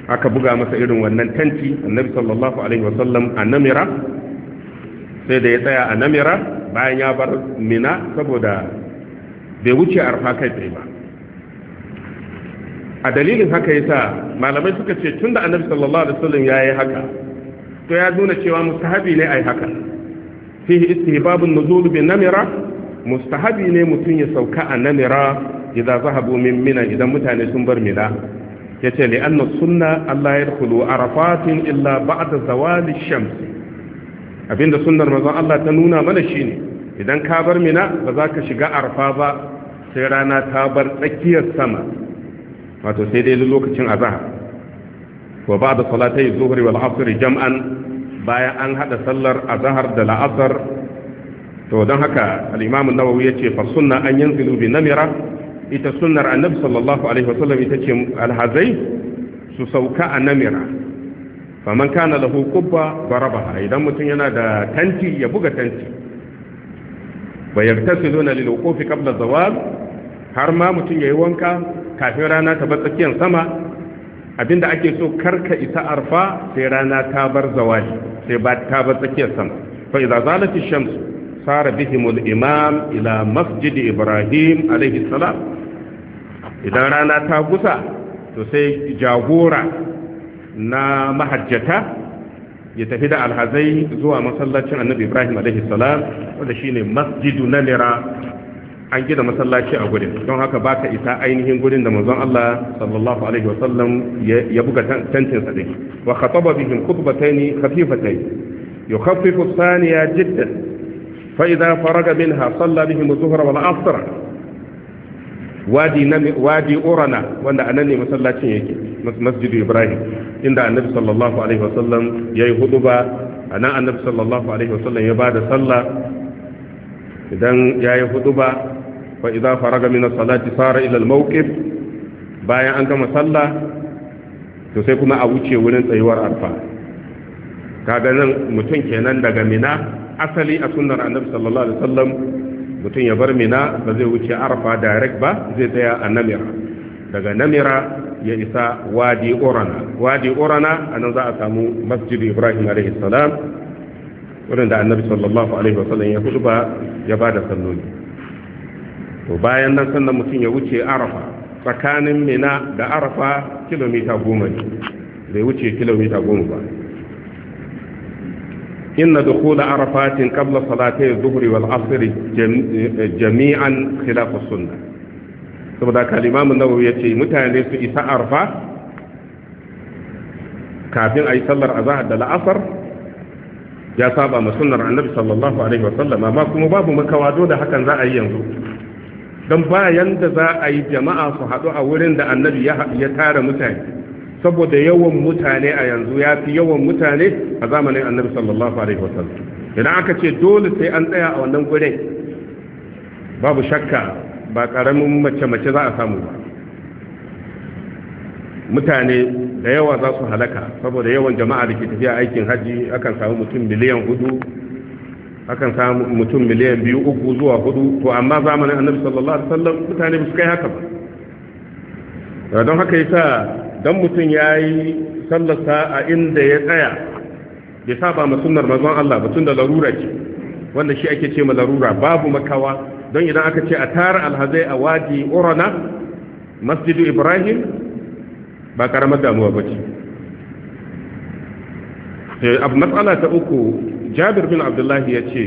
aka buga masa irin wannan tanti annabi sallallahu alaihi wasallam a namira sai da ya tsaya a namira bayan ya bar mina saboda bai wuce arfa kai tsaye ba a dalilin haka yasa malamai suka ce tun da annabi sallallahu alaihi wasallam yi haka to ya nuna cewa mustahabi ne ai haka fihi istihbabun nuzul bi namira mustahabi ne mutum ya sauka a namira idan zahabu min mina idan mutane sun bar mina ce li anna sunna Allah ya dkhulu arafatin illa ba'da zawali shams abinda sunnar mazan Allah ta nuna mana shi ne. idan ka bar mina ba za ka shiga arfa ba sai rana ta bar tsakiyar sama wato sai dai lokacin azahar wa da salatai zuhri wal asr jam'an bayan an hada sallar azahar da la'asar to don haka al-imam nawawi yace fa sunna an yanzilu bi namira ita sunnar annabi sallallahu alaihi wasallam ita ce alhazai su sauka a namira faman kana lahu qubba barabaha idan mutum yana da tanti ya buga tanti wa yaktasiluna lil kabla qabla zawal har ma mutum yayi wanka kafin rana ta bar tsakiyar sama abinda ake so karka isa arfa sai rana ta bar zawali sai ba ta bar tsakiyar sama fa idza zalati shamsu sara bihimul imam ila masjidi ibrahim alaihi salam idan rana ta gusa to sai jagora na mahajjata ya tafi da alhazai zuwa masallacin annabi ibrahim alaihi salam wanda shine masjidu na an gina masallaci a gurin don haka baka isa ainihin gudun da manzon Allah sallallahu alaihi wasallam ya buga tantin sa dake wa khataba bihim khutbatayn khafifatayn yukhaffifu thaniya jiddan فإذا فرغ منها صلى بهم الظهر والعصر wadi na wadi urana wanda anan ne masallacin yake masjid ibrahim inda annabi sallallahu alaihi wasallam yayi huduba anan annabi sallallahu alaihi wasallam ya bada sallah idan yayi huduba fa idza faraga min salati sara ila al bayan an gama sallah to kuma a wuce wurin tsayuwar arfa kaga nan mutum kenan daga mina asali a sunnar annabi sallallahu alaihi wasallam mutum ya bar mina ba zai wuce arfa direct ba zai tsaya a namira daga namira ya isa wadi urana wadi urana anan za a samu masjid ibrahim alaihi salam wurin da annabi sallallahu alaihi wasallam ya kutuba ya bada salloli to bayan nan sannan mutum ya wuce arafa tsakanin mina da arafa kilomita goma ne bai wuce kilomita goma ba inna dukhula arafatin kabla salati adh-dhuhri wal 'asr jami'an khilaf as saboda ka Imam an yace mutane su isa arfa kafin yi sallar azhar da la'asar ya saba ma annabi sallallahu alaihi wa sallam kuma babu makawa dole hakan za a yi yanzu don bayan da za a yi jama'a su haɗu a wurin da annabi ya tara mutane saboda yawan mutane a yanzu ya fi yawan mutane a zamanin annabi sallallahu alaihi wasallam idan aka ce dole sai an tsaya a wannan gurin babu shakka ba karamin mace-mace za a samu ba mutane da yawa za su halaka saboda yawan jama'a da ke tafiya aikin hajji akan samu mutum miliyan hudu akan samu mutum miliyan biyu uku zuwa hudu to amma zamanin annabi sallallahu alaihi wasallam mutane ba su kai haka ba don haka yasa don mutum ya yi sallarsa a inda ya tsaya bai saba ma sunnar Allah mutum da larura ce wanda shi ake ce ma larura babu makawa don idan aka ce a tara alhazai a wadi urana masjidu ibrahim ba karamar damuwa ba ce eh, abu matsala ta uku jabir bin abdullahi ya ce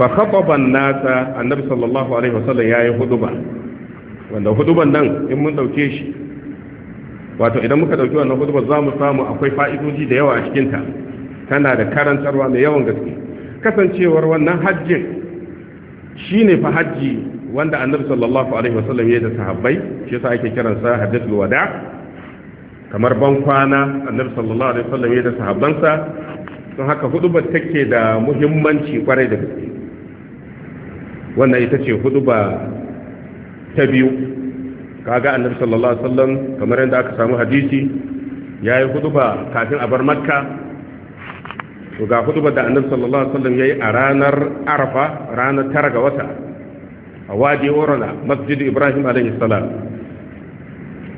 fa khataban nasa annabi sallallahu alaihi wasallam yayi huduba wanda huduban nan in mun dauke shi wato idan muka ɗauki wannan hudubar za mu samu akwai fa'idoji da yawa a cikinta tana da karantarwa mai yawan gaske kasancewar wannan hajjin shi ne fa hajji wanda annabi sallallahu alaihi wasallam ya da sahabbai shi yasa ake kiransa hajjatul wada kamar ban kwana annabi sallallahu alaihi wasallam ya da sahabbansa don haka hudubar take da muhimmanci kwarai da gaske wannan ita ce huduba ta biyu kaga annabi sallallahu alaihi wasallam kamar yadda aka samu hadisi yayi hutuba kafin a bar makka to ga hutuba da annabi sallallahu alaihi wasallam yayi a ranar arafa ranar tara ga wata a wadi orana masjid ibrahim alaihi salam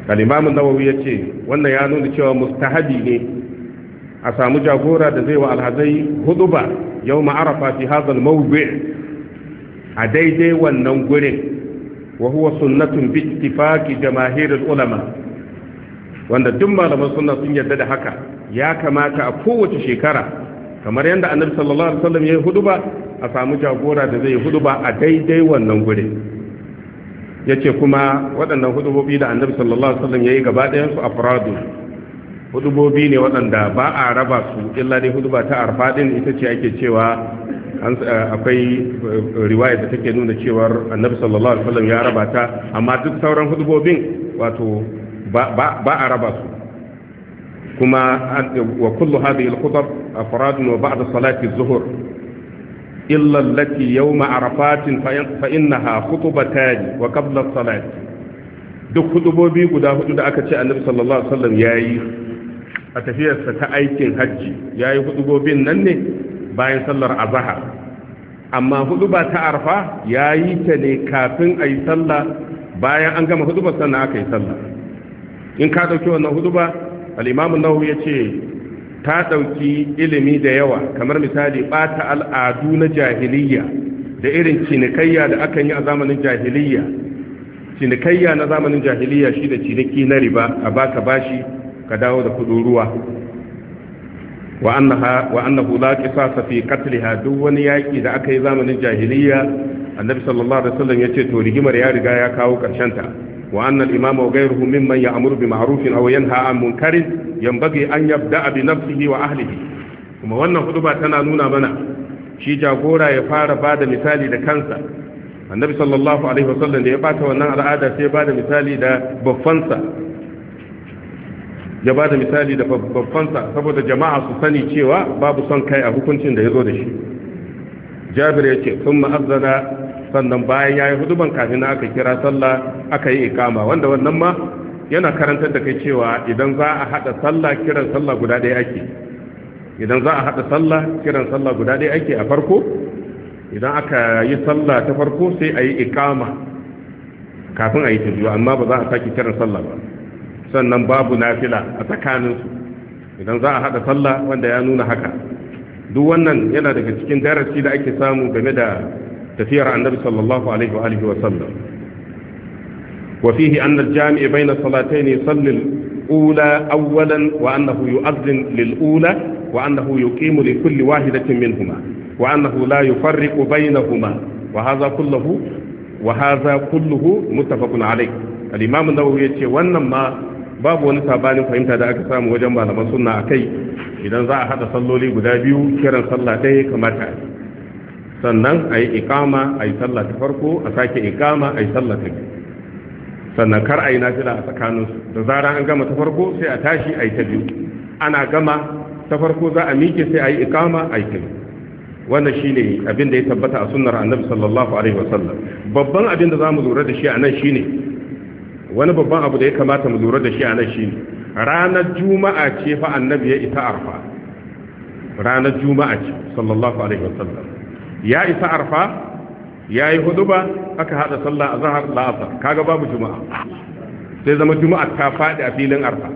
al-imam ya nawawi wannan ya nuna cewa mustahabi ne a samu jagora da zai wa alhazai hutuba ma arafa fi hadal a daidai wannan gurin Wahuwa sunnatin sunnatun bi ittifaqi ulama wanda duk malaman suna sun yarda da haka ya kamata a kowace shekara kamar yadda annabi sallallahu alaihi wasallam yayi ba a samu jagora da zai huduba a daidai wannan gure yace kuma waɗannan hudubobi da annabi sallallahu alaihi wasallam yayi gaba ɗayan su afradu hudubobi ne waɗanda ba a raba su illa dai huduba ta arfa din ita ce ake cewa eh, akwai eh, riwaya da take nuna cewar annabi sallallahu alaihi wasallam ya raba ta amma duk sauran hudubobin wato ba a raba su kuma wa kullu hadhihi al-khutab afrad wa ba'da salati az-zuhr illa allati yawma arafat fa innaha khutbatan wa qabla as-salati duk hudubobi guda hudu da aka ce annabi sallallahu alaihi wasallam yayi a tafiyarsa ta aikin hajji ya yi gobin nan ne bayan sallar azaha amma huɗuba ta arfa ya yi ta ne kafin a yi sallah bayan an gama ba sannan aka yi sallah in ka ɗauki wannan huduba al'imamun nahu ya ce ta ɗauki ilimi da yawa kamar misali ɓata al'adu na jahiliya da irin cinikayya da aka yi a zamanin jahiliya cinikayya na zamanin jahiliya shi da ciniki na riba a baka bashi ka dawo da kudin ruwa wa annahu la qisasa fi qatliha duk wani yaki da aka yi zamanin jahiliya annabi sallallahu alaihi wasallam yace to rigimar ya riga ya kawo karshen ta wa annal imama wa ghayruhu mimman ya'muru bi ma'rufin aw yanha 'an munkarin yanbaghi an yabda'a bi nafsihi wa ahlihi kuma wannan huduba tana nuna mana shi jagora ya fara bada misali da kansa annabi sallallahu alaihi wasallam da ya bata wannan al'ada sai ya bada misali da baffansa ya ba da misali da babbansa saboda jama'a su sani cewa babu son kai a hukuncin da ya zo da shi jabir ya ce sun ma'azzana sannan bayan ya yi huduban kafin na aka kira sallah aka yi ikama wanda wannan ma yana karantar da kai cewa idan za a haɗa sallah kiran sallah guda ɗaya ake idan za a haɗa sallah kiran sallah guda ɗaya ake a farko idan aka yi sallah ta farko sai a yi ikama kafin a yi tafiya amma ba za a sake kiran sallah ba sannan babu nafila a tsakaninsu idan za a haɗa sallah wanda ya nuna haka duk wannan yana daga cikin darasi da ake samu game da tafiyar annabi sallallahu alaihi wa alihi wa sallam wa fihi anna al-jami' bayna salatayn salli al-ula awwalan wa annahu yu'adhdhin lil-ula wa annahu yuqimu li kulli wahidatin minhuma wa annahu la yufarriqu baynahuma wa hadha kulluhu wa hadha kulluhu muttafaqun alayh al-imam an-nawawi yace wannan ma babu wani sabanin fahimta da aka samu wajen malaman sunna a kai idan za a haɗa salloli guda biyu kiran sallah ɗaya kamata sannan a yi ikama a yi sallah ta farko a sake ikama a yi sallah ta biyu sannan kar a yi nafila a tsakaninsu da zarar an gama ta farko sai a tashi a yi ta biyu ana gama ta farko za a miƙe sai a yi ikama a yi ta biyu wannan shine abin da ya tabbata a sunnar annabi sallallahu alaihi wasallam babban abin da za mu lura da shi a nan shine wani babban abu da ya kamata mu lura da shi a nan shine ranar juma'a ce fa annabi ya isa arfa ranar juma'a ce sallallahu alaihi wasallam ya isa arfa ya yi huduba aka hada sallah a zahar la'asar kaga babu juma'a sai zama juma'a ta faɗi a filin arfa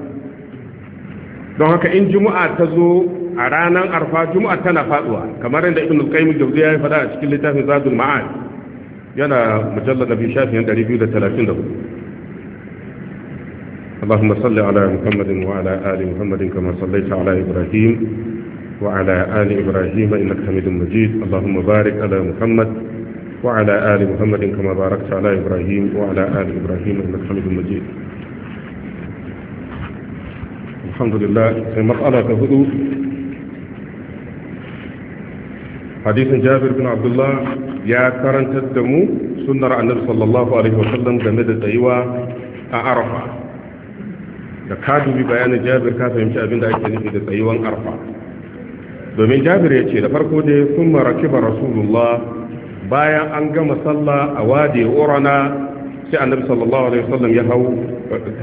don haka in juma'a ta zo a ranar arfa juma'a tana faduwa kamar yadda ibn al-qayyim jawzi ya faɗa a cikin littafin zadul ma'ad yana mujallad nabi shafiyan 234 اللهم صل على محمد وعلى آل محمد كما صليت على إبراهيم وعلى آل إبراهيم إنك حميد مجيد اللهم بارك على محمد وعلى آل محمد كما باركت على إبراهيم وعلى آل إبراهيم إنك حميد مجيد الحمد لله في مسألة هدوء حديث جابر بن عبد الله يا كرنت الدمو سنة النبي صلى الله عليه وسلم جمد الدعوة أعرفه da ka dubi bayanin jabir ka fahimci abin da ake nufi da tsayuwan arfa domin jabir ya ce da farko dai sun ba rasulullah bayan an gama sallah a wade urana sai annabi sallallahu alaihi wasallam ya hau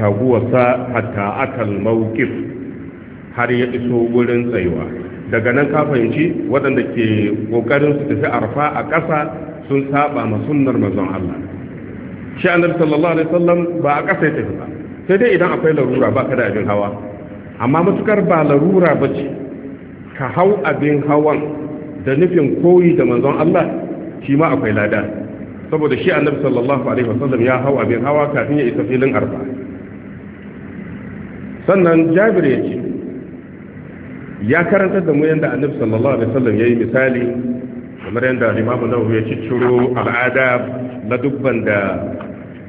taguwarsa hatta akal mawqif har ya iso wurin tsayuwa daga nan ka fahimci waɗanda ke kokarin su tafi arfa a ƙasa sun saba ma sunnar manzon Allah shi annabi sallallahu alaihi wasallam ba a ƙasa ya tafi ba sai dai idan akwai larura ba ka da abin hawa amma matukar ba larura ba ce ka hau abin hawan da nufin koyi da manzon Allah shi ma akwai lada saboda shi annabi sallallahu alaihi wasallam ya hau abin hawa kafin ya isa filin arba. sannan jabir ya ce ya karanta da mu yadda annabi sallallahu alaihi wasallam yayi misali kamar yadda imamu Nawawi ya ciro al'ada na dubban da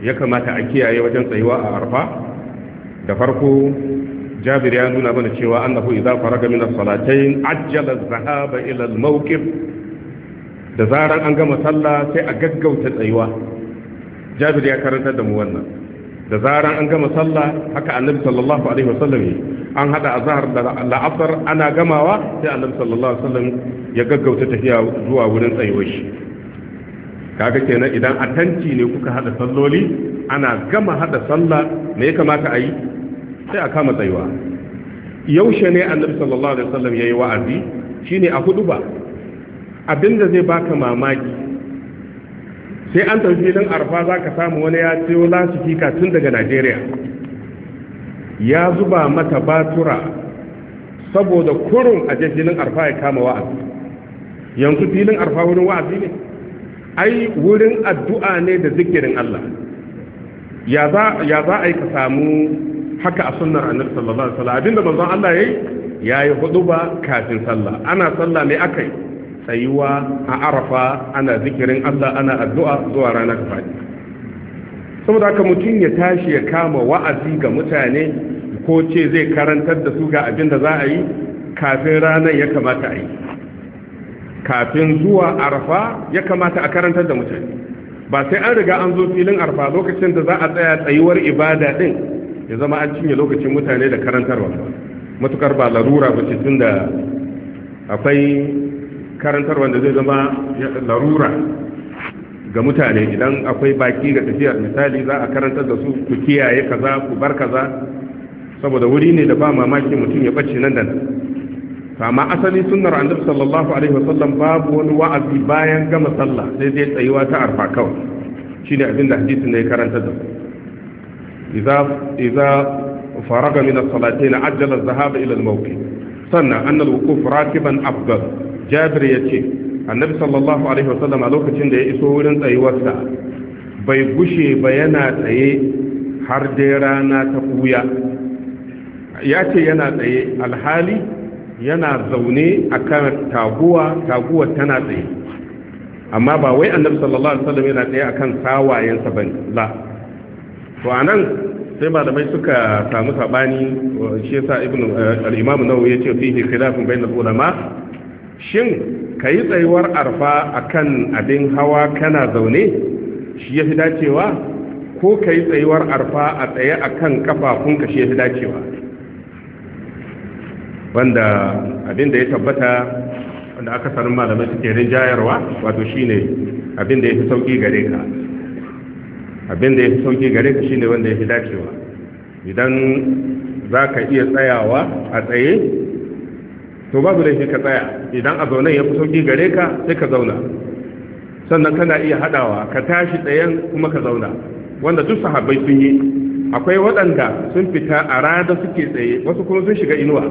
ya kamata a kiyaye wajen tsayuwa a arfa da farko jabir ya nuna mana cewa annahu idza faraga min as-salatayn ajjala az-zahaba ila al-mawqif da zaran an gama sallah sai a gaggauta tsayuwa jabir ya karanta da mu wannan da zaran an gama sallah haka annabi sallallahu alaihi wasallam an hada azhar da la'asar ana gamawa sai annabi sallallahu alaihi wasallam ya gaggauta tafiya zuwa wurin tsayuwar shi kaga kenan idan a tanci ne kuka hada salloli ana gama hada sallah me ya kamata a yi sai a kama tsayuwa yaushe ne annabi sallallahu alaihi wasallam yayi wa'azi shine a hudu ba abinda zai baka mamaki sai an tafi filin arfa zaka samu wani ya ciyo lasifika tun daga Najeriya ya zuba mata batura saboda kurun a filin arfa ya kama wa'azi yanzu filin arfa wurin wa'azi ne ai wurin addu'a ne da zikirin Allah ya za a yi ka samu haka a sunnar annabi sallallahu alaihi wasallam abinda manzon Allah yayi yayi ba kafin sallah ana sallah ne akai tsayuwa a arafa ana zikirin Allah ana addu'a zuwa ranar fadi saboda haka mutum ya tashi ya kama wa'azi ga mutane ko ce zai karantar da su ga abinda za a yi kafin ranar ya kamata a yi kafin zuwa arfa ya kamata a karantar da mutane ba sai an riga an zo filin arfa lokacin da za a tsaya tsayuwar ibada din ya zama an cinye lokacin mutane da karantarwa matukar ba larura ba ce tun da akwai karantarwa da zai zama larura ga mutane idan akwai baki ga tafiyar misali za a karantar da su ku kiyaye kaza ku bar kaza saboda wuri ne da ba mamaki mutum ya bace nan da nan amma asali sunnar annabi sallallahu alaihi wasallam babu wani wa'azi bayan gama sallah sai dai tsayuwa ta arfa kawai shine abin da hadisin ne karanta da idza idza faraga min as-salatayn ajjala az-zahaba ila al-mawqi sannan anna al-wuquf rakiban afdal jabir yace annabi sallallahu alaihi wasallam a lokacin da ya iso wurin tsayuwarsa bai gushe ba yana tsaye har dai rana ta kuya ya ce yana tsaye alhali yana zaune a kan taguwa taguwa tana tsaye amma ba wai annabi sallallahu alaihi wasallam yana tsaye akan sawayensa bane la to anan sai ba da malamai suka samu sabani shi yasa ibn eh, al-imam nawawi yace fihi khilafun bainal ulama shin kai tsayuwar arfa akan abin hawa kana zaune shi yafi dacewa ko kai tsayuwar arfa a tsaye akan kafafunka shi yafi dacewa wanda abin da ya tabbata wanda aka sanin malamai suke rinjayarwa wato shine abin da ya fi sauki gare ka abin da ya fi sauki gare ka shine wanda ya fi dacewa idan za ka iya tsayawa a tsaye to babu da ka tsaya idan a zaune ya fi sauki gare ka sai ka zauna sannan kana iya hadawa ka tashi tsayen kuma ka zauna wanda duk sahabbai sun yi akwai waɗanda sun fita a rada suke tsaye wasu kuma sun shiga inuwa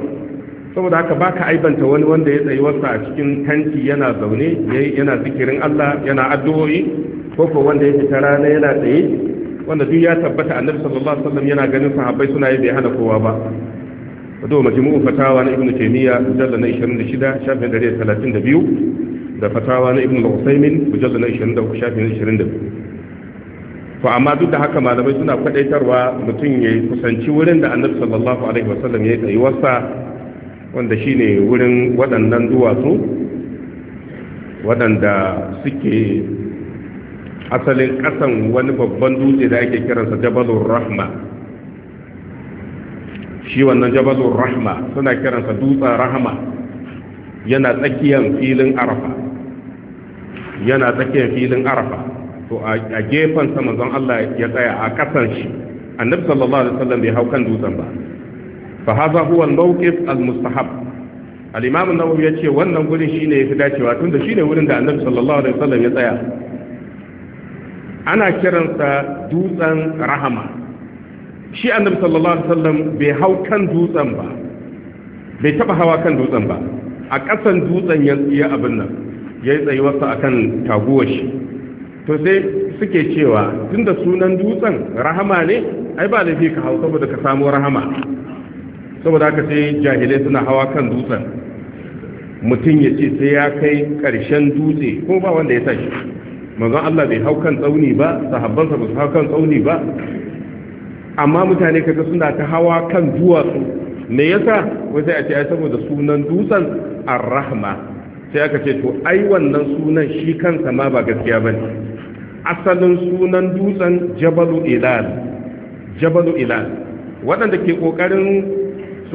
saboda haka baka aibanta wani wanda ya tsayi wasa a cikin tanti yana zaune yana zikirin Allah yana addu'o'i ko ko wanda yake fita rana yana tsaye wanda duk ya tabbata annabi sallallahu alaihi wasallam yana ganin sahabbai suna yi bai hana kowa ba wato majmu'u fatawa na ibnu taymiya mujallal na 26 shafin 132 da fatawa na ibnu al-usaymin mujallal na 23 shafin 22 to amma duk da haka malamai suna fadaitarwa mutum ya kusanci wurin da annabi sallallahu alaihi wasallam ya tsayi wasa wanda shi ne wurin waɗannan duwatsu waɗanda suke asalin ƙasan wani babban dutse da ake kiransa jabalun rahma shi wannan jabalun rahma suna kiransa dutsen rahma yana tsakiyar filin arafa yana tsakiyar filin arafa to a gefen sama zan Allah ya tsaya a ƙasan shi annabi sallallahu alaihi wasallam bai hau kan dutsen ba fa hadha huwa al-mawqif al-mustahab al-imam an-nawawi yace wannan gurin shine yafi dacewa tunda shine wurin da annabi sallallahu alaihi wasallam ya tsaya ana kiransa dutsen rahama shi annabi sallallahu alaihi wasallam bai hau kan dutsen ba bai taba hawa kan dutsen ba a ƙasan dutsen ya tsiya abin nan ya yi tsayuwarsa akan taguwar shi to sai suke cewa tunda sunan dutsen rahama ne ai ba laifi ka hau saboda ka samu rahama saboda haka sai jahilai suna hawa kan dutsen mutum ya ce sai ya kai ƙarshen dutse ko ba wanda ya tashi manzon Allah bai hau kan tsauni ba sahabbansa ba su hau kan tsauni ba amma mutane kaga suna ta hawa kan duwatsu me yasa wai sai a ce ai saboda sunan dutsen ar-rahma sai aka ce to ai wannan sunan shi kansa ma ba gaskiya bane asalin sunan dutsen jabalu ilal jabalu ilal waɗanda ke kokarin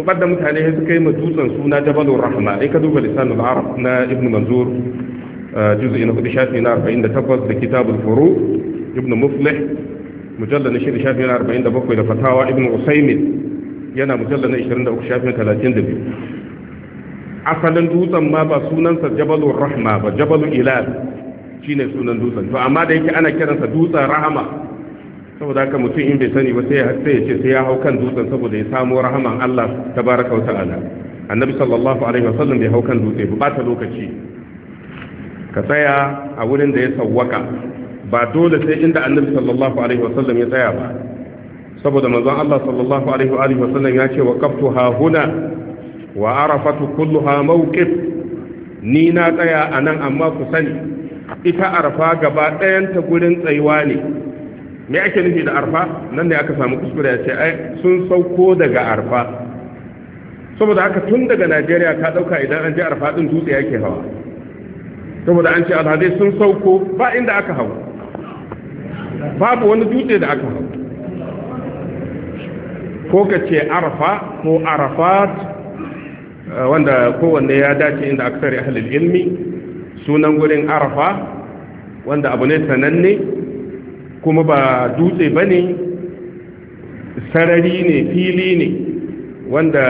su da mutane sai suka yi matutsan suna jabalur rahma ai ka duba lisanul arab na ibn manzur eh, juz'i na kudi shafi na 48 da kitabul furu ibn muflih mujallal na shiri shafi na 47 da fatawa ibn usaymin yana mujallal na 23 shafi na 32 asalin dutsen ma ba sunansa jabalur rahma ba jabalul ilal shine sunan dutsen to amma da yake ana kiransa dutsen rahma. saboda haka mutum in bai sani ba sai ya ce sai ya hau kan dutsen saboda ya samu rahaman Allah ta baraka wa ta'ala annabi sallallahu alaihi wasallam bai hau kan dutse ba ta lokaci ka tsaya a wurin da ya sawwaka ba dole sai inda annabi sallallahu alaihi wasallam ya tsaya ba saboda manzon Allah sallallahu alaihi wa alihi wasallam ya ce waqaftu ha huna wa arafatu kulluha mawqif ni na tsaya anan amma ku sani ita arfa gaba ɗayan ta gurin tsayuwa ne me ake nufi da arfa nan ne aka samu kuskure ya ce ai sun sauko daga arfa saboda haka tun daga najeriya ka dauka idan an je arfa din dutse yake hawa saboda an ce alhazai sun sauko ba inda aka hau babu wani dutse da aka hau ko ka ce arfa ko arafat eh, wanda kowanne ya dace inda aka tare ahalil ilmi sunan gurin arfa wanda abu ne sananne kuma ba dutse ba ne sarari ne fili ne wanda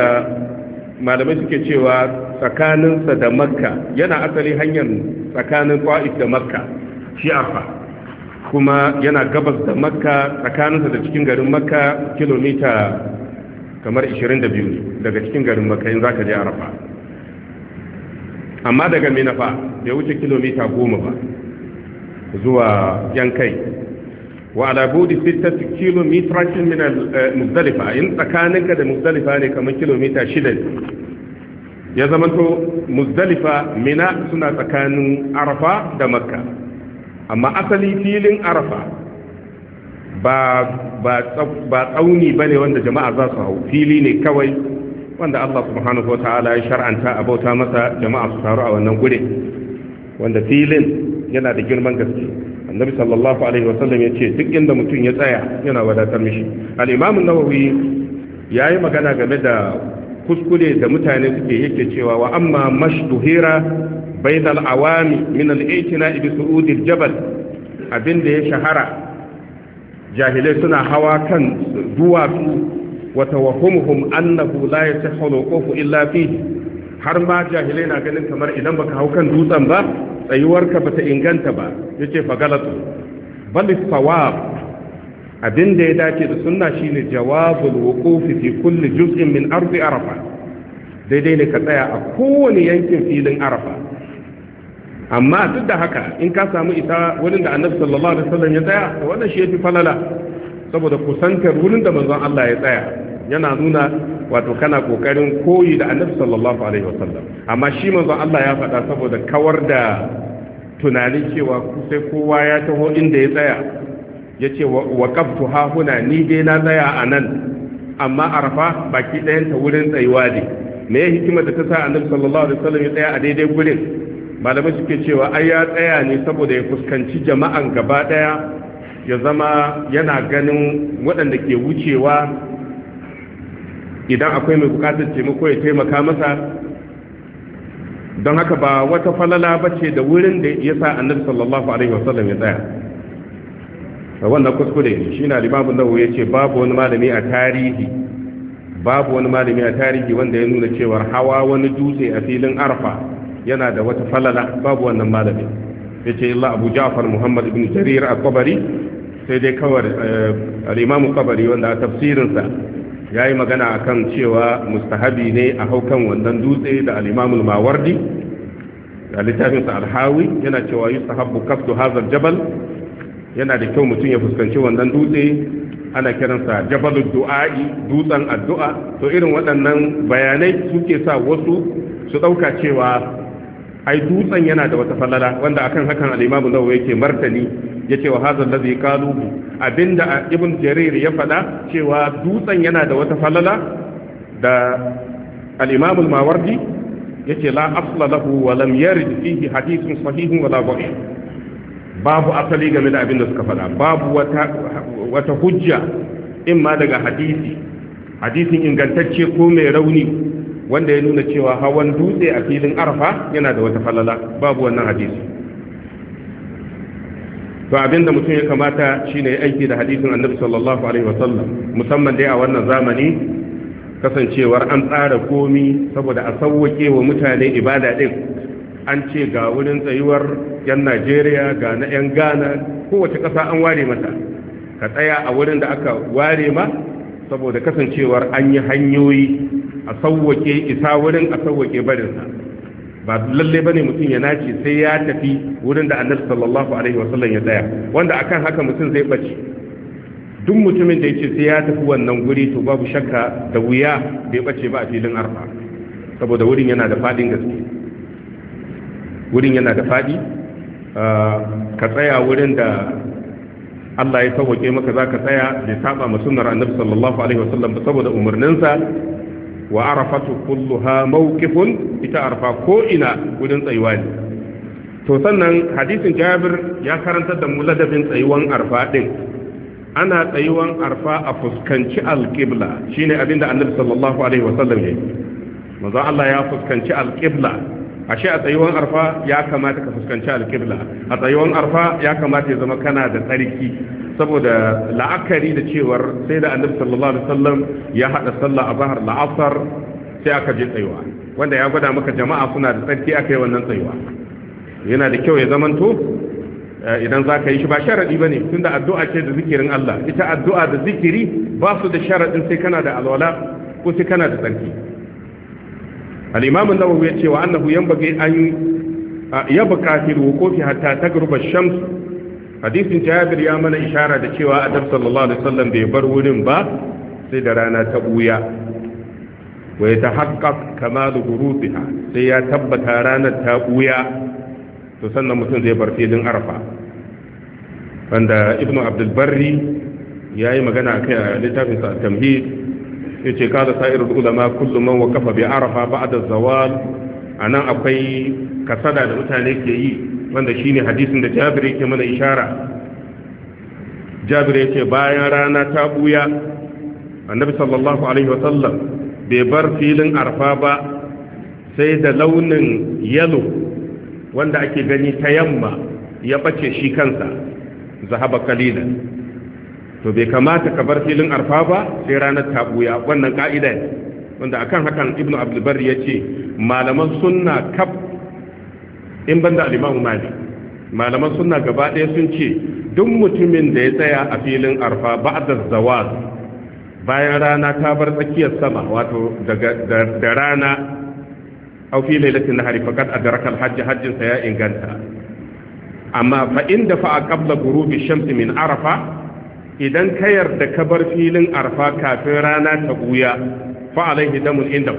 malamai suke cewa tsakaninsa da makka yana asali hanyar tsakanin ƙwa'if da makka shi arfa kuma yana gabas da makka tsakaninsa da cikin garin makka kilomita kamar 22 daga cikin garin makka in za ka je arfa amma daga minafa bai wuce kilomita 10 ba zuwa yan kai wa ala budi sittati kilomitratin min in tsakaninka da muzdalifa ne kamar kilomita shida ya zamanto muzdalifa mina suna tsakanin arafa da makka amma asali filin arafa ba tsauni ba ne wanda jama'a za su hau fili ne kawai wanda allah subhanahu wa ta'ala ya shar'anta a bauta masa jama'a su taru a wannan gure wanda filin yana da girman gaske annabi sallallahu alaihi wasallam ya ce duk inda mutum ya tsaya yana wadatar mishi Alimamin nawawi ya yi magana game da kuskure da mutane suke yake cewa wa amma mashduhira bain al'awami min al'itina ibi su'udil jabal abin da ya shahara jahilai suna hawa kan duwatsu wa tawahumuhum annahu la yasihhu illa fihi har ma jahilai na ganin kamar idan baka hau kan dutsen ba tsayuwarka ba ta inganta ba yace fa galatu bal sawab abin da ya dace da sunna shine jawabul wuquf fi kulli juz'in min ardi arafa daidai ne ka tsaya a kowane yankin filin arafa amma duk da haka in ka samu isa wurin da annabi sallallahu alaihi wasallam ya tsaya to wannan shi yafi falala saboda kusantar wurin da manzon Allah ya tsaya yana nuna wato kana kokarin koyi da annabi sallallahu alaihi wasallam amma shi manzon Allah ya faɗa saboda kawar da tunanin cewa sai kowa ya taho inda ya tsaya ya ce waqaftu ha huna ni dai na tsaya a nan amma arfa baki ɗayan ta wurin tsayuwa ne me ya hikimar da ta sa annabi sallallahu alaihi wasallam ya tsaya a daidai gurin malamai suke cewa ai ya tsaya ne saboda ya fuskanci jama'an gaba ɗaya ya zama yana ganin waɗanda ke wucewa idan akwai mai bukatar taimako ya taimaka masa don haka ba wata falala ba ce da wurin da ya sa annabi sallallahu alaihi wasallam ya tsaya wannan kuskure ne shi na limamun nawo ya ce babu wani malami a tarihi babu wani malami a tarihi wanda ya nuna cewar hawa wani dutse a filin arfa yana da wata falala babu wannan malami ya ce illa abu ja'far muhammad ibn jarir al-qabari sai dai kawar eh, al-imam qabari wanda a tafsirinsa ya yi magana a kan cewa mustahabi ne a haukan wannan dutse da al'imamul mawardi a littafinsa alhawi yana cewa yi sahabu kaftu hazar jabal yana da kyau mutum ya fuskanci wannan dutse ana kiransa jabalul du'a'i dutsen addu'a to irin waɗannan bayanai suke sa wasu su ɗauka cewa ai dutsen yana da wata falala wanda akan hakan al-Imam Nawawi yake martani yace wa hadha allazi qalu abinda Ibn Jarir ya fada cewa dutsen yana da wata falala da al-Imam al-Mawardi yace la asla lahu wa lam yarid fihi hadithun sahihun wala dha'if babu asali game da abinda suka fada babu wata wata hujja ma daga hadisi hadisin ingantacce ko mai rauni wanda ya nuna cewa hawan dutse a filin arfa yana da wata falala babu wannan hadisi to abinda mutum ya kamata shine aiki da hadisin annabi sallallahu alaihi wasallam musamman dai a wannan zamani kasancewar an tsara komi saboda a sauwake wa mutane ibada din an ce ga wurin tsayuwar 'yan najeriya ga na 'yan ghana kowace ƙasa an ware mata ka tsaya a wurin da aka ware ma saboda kasancewar an yi hanyoyi a sauwake isa wurin a sauwake barinsa ba lalle bane mutum ya nace sai ya tafi wurin da annabi sallallahu alaihi wasallam ya tsaya wanda akan haka mutum zai bace duk mutumin da yace sai ya tafi wannan guri to babu shakka da wuya bai bace ba a filin arfa saboda wurin yana da fadin gaske wurin yana da fadi ah, ka tsaya wurin da Allah ya sauke maka zaka tsaya bai saba ma sunnar annabi sallallahu alaihi wasallam saboda umarninsa wa arafatu kulluha mawqifun ita arfa ko ina gudun tsayuwa ne to sannan hadisin Jabir ya karantar da mu ladabin tsayuwan arfa din ana tsayuwan arfa a fuskanci alqibla shine abinda Annabi sallallahu alaihi wasallam yi. manzo Allah ya fuskanci alqibla ashe a tsayuwan arfa ya kamata ka fuskanci alkibla a tsayuwan arfa ya kamata ya zama kana da tsarki saboda la'akari da cewar sai da annabi sallallahu alaihi wasallam ya hada sallah a bahar la'asar sai aka je tsayuwa wanda ya gwada maka jama'a suna da tsarki aka yi wannan tsayuwa yana da kyau ya zamanto eh, idan za ka yi shi ba sharaɗi ba ne tun da addu'a ce da zikirin Allah ita addu'a da zikiri ba su da sharaɗin sai kana da alwala ko sai kana da tsarki al-imam an-nawawi ya ce wa annahu yanbaghi an ya fil wuqufi hatta ta ash-shams hadisin jabir ya mana ishara da cewa adab sallallahu alaihi sallam bai bar wurin ba sai da rana ta buya haƙa yatahaqqaq kamalu ghurutiha sai ya tabbata ranar ta buya to sannan mutum zai bar filin arfa wanda ibnu abdulbarri ya yayi magana akai a littafinsa a tamhid yace kada sa'irul ulama kullum man waqafa bi arafa ba'da zawal anan akwai kasada da mutane ke yi wanda shine hadisin da Jabir yake mana ishara Jabir yace bayan rana ta buya annabi sallallahu alaihi wasallam bai bar filin arfa ba sai da launin yalo wanda ake gani ta yamma ya bace shi kansa zahaba kalilan to bai kamata ka bar filin arfa ba sai ranar tabuya wannan ka'ida ne wanda akan hakan ibnu abdulbar ya ce malaman sunna kaf in banda al-imam mali malaman sunna gaba ɗaya sun ce duk mutumin da ya tsaya a filin arfa ba'da zawal bayan rana ta bar tsakiyar sama wato da rana au fi lailatin nahari faqad adraka al-hajj hajjin sa ya inganta amma fa inda fa qabla ghurubi shamsi min arafa idan ka yarda ka bar filin arfa kafin rana ta buya fa alaihi damun inda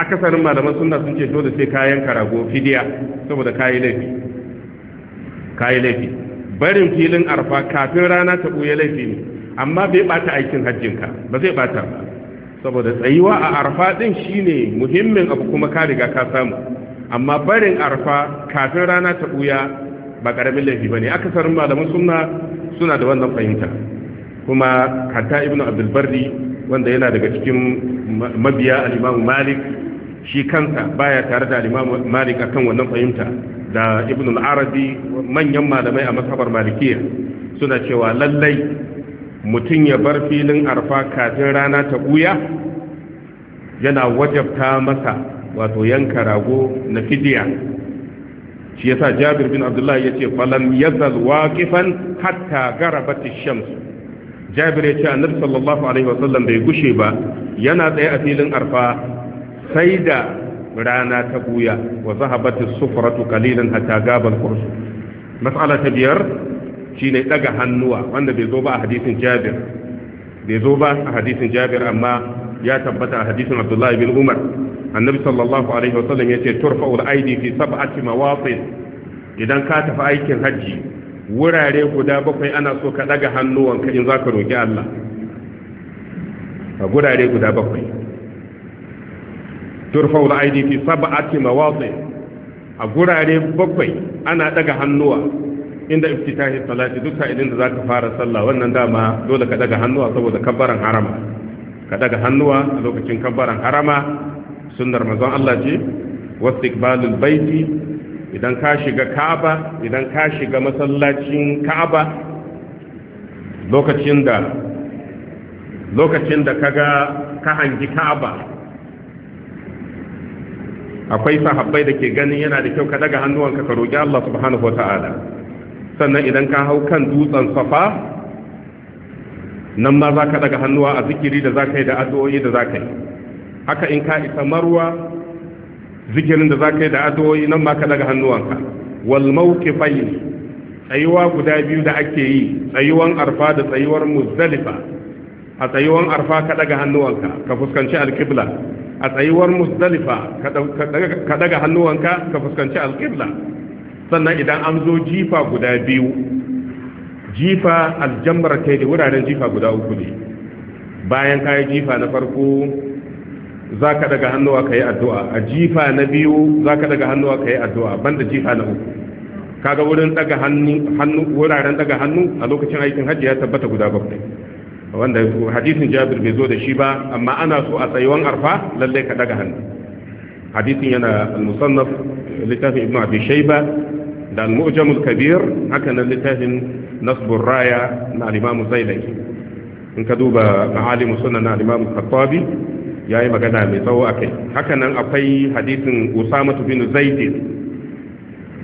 akasarin malaman sunna sun ce dole sai kayan karago fidiya saboda kayi laifi kayi laifi barin filin arfa kafin rana ta buya laifi ne amma bai bata aikin hajjinka ba zai bata ba saboda tsayuwa a arfa din shine muhimmin abu kuma ka riga ka samu amma barin arfa kafin rana ta buya ba karamin laifi bane akasarin malaman sunna suna da wannan fahimta kuma hatta ibnu abdul bardi wanda yana daga cikin mabiya al malik shi kansa baya tare da al-imam malik akan wannan fahimta da ibnu al-arabi manyan malamai a masabar malikiya suna cewa lallai mutum ya bar filin arfa kafin rana ta buya yana wajabta masa wato yanka rago na fidiya shi yasa jabir bin abdullah yace falam yazal waqifan hatta garabat shams jabir ya ce annabi sallallahu alaihi wasallam bai gushe ba yana tsaye a filin arfa sai da rana ta buya wa zahabatu sufratu qalilan hatta gabal kursu mas'ala ta biyar shine daga hannuwa wanda bai zo ba a hadisin jabir bai zo ba a hadisin jabir amma ya tabbata a hadisin abdullahi bin umar annabi sallallahu alaihi wasallam ya ce turfa'ul aidi fi sab'ati mawatin idan ka tafi aikin hajji wurare guda bakwai ana so ka daga hannuwanka in za ka roƙi Allah a gurare guda bakwai turfau da idp saba'ati mawatsi a gurare bakwai ana daga hannuwa inda iftitahi salati duk sa'ilin da zaka fara sallah wannan dama dole ka daga hannuwa saboda kabbaran harama ka daga hannuwa a lokacin kabbaran harama sunnar manzon Allah ce wastiqbalul baiti idan ka shiga ka'aba idan ka shiga masallacin ka'aba lokacin da lokacin da kaga ka hangi ka'aba akwai sahabbai da ke ganin yana da kyau ka daga hannuwanka ka roƙi Allah subhanahu wata'ala sannan idan ka hau kan dutsen safa nan ma za ka daga hannuwa a zikiri da za ka yi da addu'o'i da za ka yi haka in ka isa marwa zikirin da za ka yi da addu'o'i nan ma ka daga hannuwanka wal mawqifayn tsayuwa guda biyu da ake yi tsayuwan arfa da tsayuwar muzdalifa a tsayuwan arfa ka daga hannuwanka ka fuskanci alqibla a tsayuwar muzdalifa ka daga hannuwanka ka fuskanci alqibla sannan idan an zo jifa guda biyu jifa aljambar kai da wuraren jifa guda uku ne bayan ka yi jifa na farko za ka daga hannuwa ka yi addu'a a jifa na biyu za ka daga hannuwa ka yi addu'a banda jifa na uku kaga wurin daga hannu wuraren daga hannu a lokacin aikin hajji ya tabbata guda bakwai wanda hadisin jabir bai zo da shi ba amma ana so a tsayuwan arfa lallai ka daga hannu hadisin yana al-musannaf littafin ibnu abi shayba da al-mu'jamul kabir haka nan littafin nasbur raya na al-imam zailaki in ka duba ma'alimu sunan al-imam khattabi ya yi magana mai tsawo a kai hakanan akwai hadisin usama bin zaidin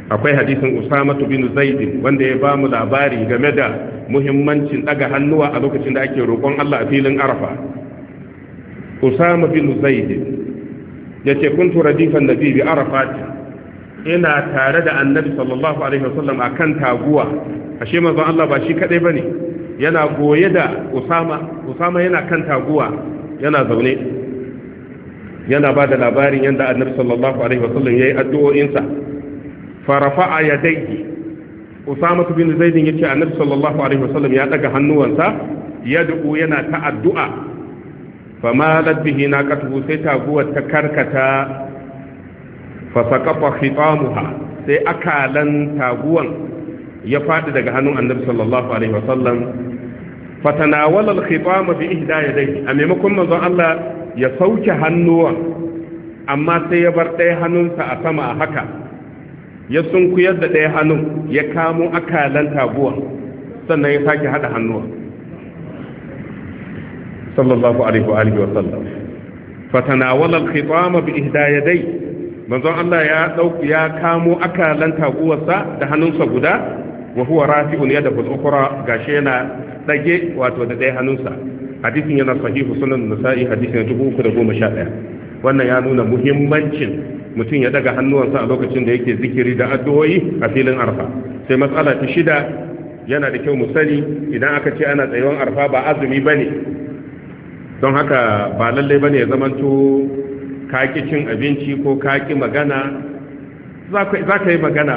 akwai hadisin usama bin zaidin wanda ya ba mu labari game da muhimmancin daga hannuwa a lokacin da ake roƙon Allah a filin arafa usama bin zaidin ya ce kuntu radifan nabi bi arafat ina tare da annabi sallallahu alaihi wasallam akan taguwa ashe manzon Allah ba shi kadai bane yana goye da Usama Usama yana kan taguwa yana zaune yana ba da labarin yadda annabi sallallahu alaihi wasallam yayi addu'o'insa fa rafa'a yadayhi usama bin zaidin yace annabi sallallahu alaihi wasallam ya daga hannuwansa yad'u yana ta addu'a fa malat bihi naqatuhu sai taguwar ta karkata fa saqafa khitamuha sai akalan taguwan ya fadi daga hannun annabi sallallahu alaihi wasallam fatanawala al-khitama bi ihda yadayhi a maimakon manzon Allah ya sauke hannuwan amma sai ya bar ɗaya hannunsa a sama a haka ya sunkuyar da ɗaya hannun ya kamo akalan taguwa sannan ya sake hada hannuwa sallallahu alaihi wa alihi wa sallam fatanawala al-khitama bi ihda yadayhi manzon Allah ya dauki ya kamo akalan taguwarsa da hannunsa guda wa huwa rafi'un yadahu al-ukhra gashi yana dage wato da dai hannunsa hadisin yana sahihu sunan nasa'i hadisin 311 wannan ya nuna muhimmancin mutum ya daga hannuwansa a lokacin da yake zikiri da addu'o'i a filin arfa sai matsala ta shida yana da kyau mu sani idan aka ce ana tsayuwan arfa ba azumi bane don haka ba lallai ne ya zamanto kaki cin abinci ko kaki magana za ka yi magana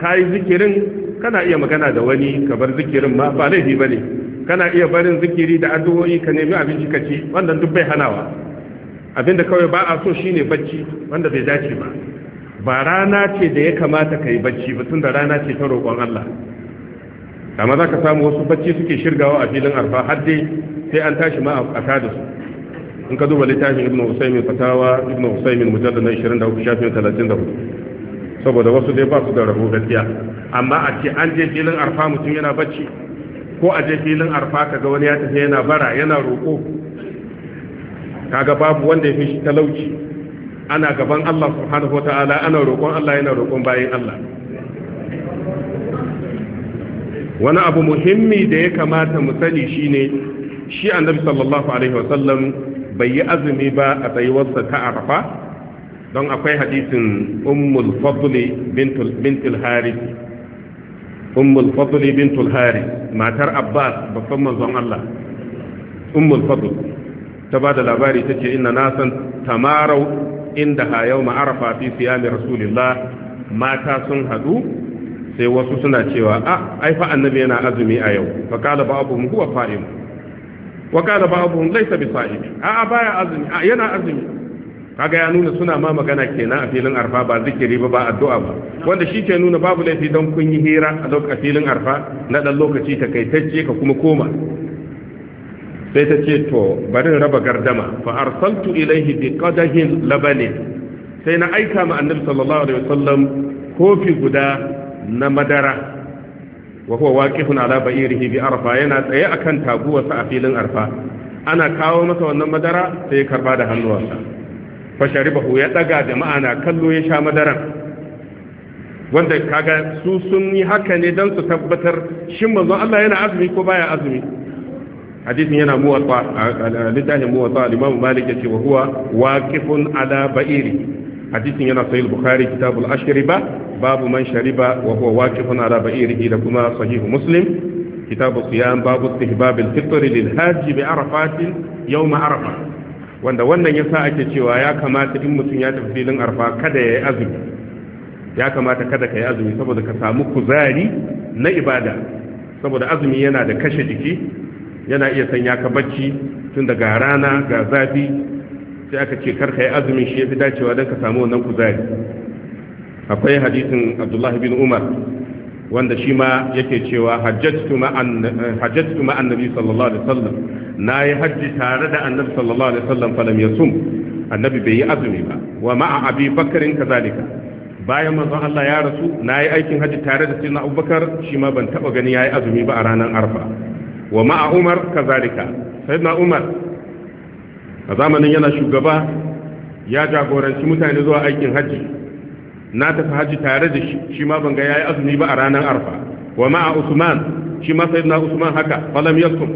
ka yi zikirin kana iya magana da wani ka bar zikirin ma ba laifi ba ne kana iya barin zikiri da addu'o'i ka nemi abinci ka ci wannan duk bai hanawa abinda kawai ba a so shine bacci wanda bai dace ba ba rana ce da ya kamata ka yi bacci ba tun da rana ce ta roƙon Allah amma za ka samu wasu bacci suke shirgawa a filin arfa har dai sai an tashi ma a kada su in ka duba littafin ibnu usaymin fatawa ibnu usaymin mujallad na 23 shafin 34 saboda wasu dai ba su da rabo gaskiya amma a ce an je filin arfa mutum yana bacci ko a je filin arfa kaga wani ya tafi yana bara yana roƙo kaga babu wanda ya fi shi talauci ana gaban Allah subhanahu wataala ana roƙon Allah yana roƙon bayin Allah wani abu muhimmi da ya kamata mu sani shine shi annabi sallallahu alaihi wasallam bai yi azumi ba a tsayuwarsa ta arfa don akwai hadisin ummul fadli bintul haris ummul fadli bintul haris matar abbas babban manzon Allah ummul fadl ta ba da labari ta ce ina nasan tamarau inda ha yau ma'arafa fi siyami rasulillah mata sun hadu sai wasu suna cewa a ai fa annabi yana azumi a yau fa kala ba'dhum huwa fa'im wa kala ba'dhum laysa bi sa'im a a baya azumi a yana azumi kaga ya nuna suna ma magana kenan a filin arfa ba zikiri ba ba addu'a ba wanda shi ke nuna babu laifi don kun yi hira a lokacin filin arfa na dan lokaci takaitacce ka kuma koma sai ta ce to barin raba gardama fa arsaltu ilaihi bi qadahin labani sai na aika ma annabi sallallahu alaihi wasallam kofi guda na madara wa huwa waqifun ala ba'irihi bi arfa yana tsaye akan taguwarsa a filin arfa ana kawo masa wannan madara sai ya karba da hannuwansa fasharibahu ya daga da ma'ana kallo ya sha madaran wanda kaga su sun yi haka ne don su tabbatar shin manzon Allah yana azumi ko baya azumi hadisin yana muwatta littafin muwatta al-Imam Malik yace wa huwa waqifun ala ba'iri hadisin yana sahih bukhari kitabul ashriba babu man shariba wa huwa waqifun ala ba'irihi da kuma sahih muslim kitabu siyam babu istihbab al-fitr lil hajj bi arafat yawm arafah wanda wannan ya sa ake cewa ya kamata in mutum ya tafi filin arfa kada ya yi azumi ya kamata kada ka yi azumi saboda ka samu kuzari na ibada saboda azumi yana da kashe jiki yana iya sanya ka bacci tun daga rana ga zafi sai aka ce kar ka yi azumi shi ya fi dacewa don ka samu wannan kuzari akwai hadisin Abdullahi bin umar wanda shi ma yake cewa hajjatu ma annabi sallallahu alaihi wasallam na yi hajji tare da annabi sallallahu alaihi wasallam falam yasum annabi bai yi azumi ba wa ma'a abi bakarin kazalika bayan manzon Allah ya rasu na yi aikin hajji tare da sayyidina abubakar shi ma ban taba gani yayi azumi ba a ranar arfa wa ma'a umar kazalika sayyidina umar a zamanin yana shugaba ya jagoranci mutane zuwa aikin hajji na tafi haji tare da shi shi ma ban ga yayi azumi ba a ranar arfa wa ma'a usman shi ma sayyidina usman haka falam yakum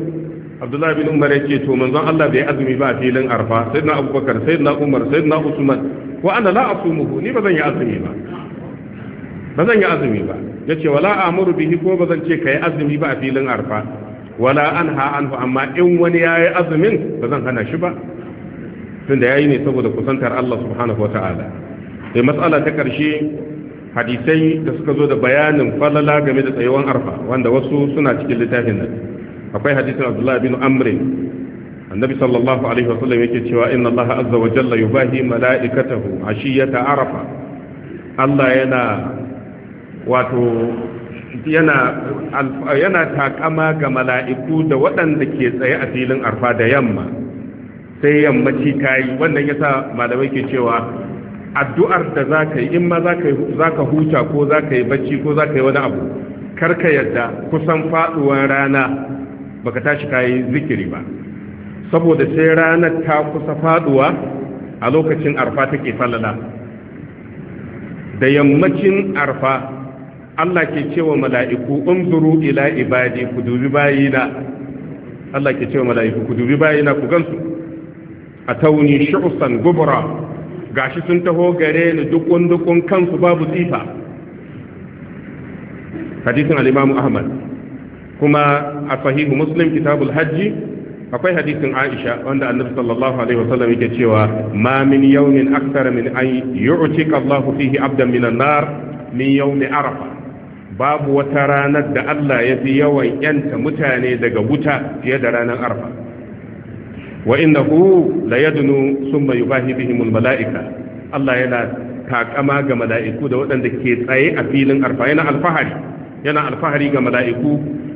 abdullahi bin umar yake to manzon Allah bai azumi ba a filin arfa sayyidina abubakar sayyidina umar sayyidina usman wa ana la asumuhu ni ba zan yi azumi ba ba zan yi azumi ba yace wala amuru bihi ko ba zan ce kai azumi ba a filin arfa wala anha anhu amma in wani yayi azumin ba zan hana shi ba tunda yayi ne saboda kusantar Allah subhanahu wataala sai matsala ta ƙarshe hadisai da suka zo da bayanin falala game da tsayuwan arfa wanda wasu suna cikin littafin nan akwai hadisin abdullahi bin amrin annabi sallallahu alaihi wasallam yake cewa inna allah azza wa jalla yubahi mala'ikatahu ashiyata arafa allah yana wato yana yana takama ga mala'iku da waɗanda ke tsaye a filin arfa da yamma sai yammaci ta yi wannan yasa malamai ke cewa addu'ar da za ka yi in ma za ka huta ko za ka yi bacci ko za ka yi wani abu karka yadda kusan faduwar rana baka tashi ka yi zikiri ba saboda sai ranar ta kusa faduwa a lokacin arfa take fallala da yammacin arfa Allah ke cewa mala'iku unzuru ila ibadi ku dubi na Allah ke cewa mala'iku ku dubi na ku gansu a tauni shi'usan gubra gashi sun taho gare ni dukun kansu babu tsifa hadisin al ahmad kuma a sahihu muslim kitabul hajji akwai hadisin aisha wanda annabi sallallahu alaihi wasallam yake cewa ma min yawmin akthara min an yu'tika Allahu fihi abdan min an-nar min yawmi arafa babu wata ranar da Allah ya fi yawan yanta mutane daga wuta fiye da ranar arafa wa innahu la yadnu summa yubahi bihim al malaika Allah yana takama ga mala'iku da waɗanda ke tsaye a filin arfa yana alfahari yana alfahari ga mala'iku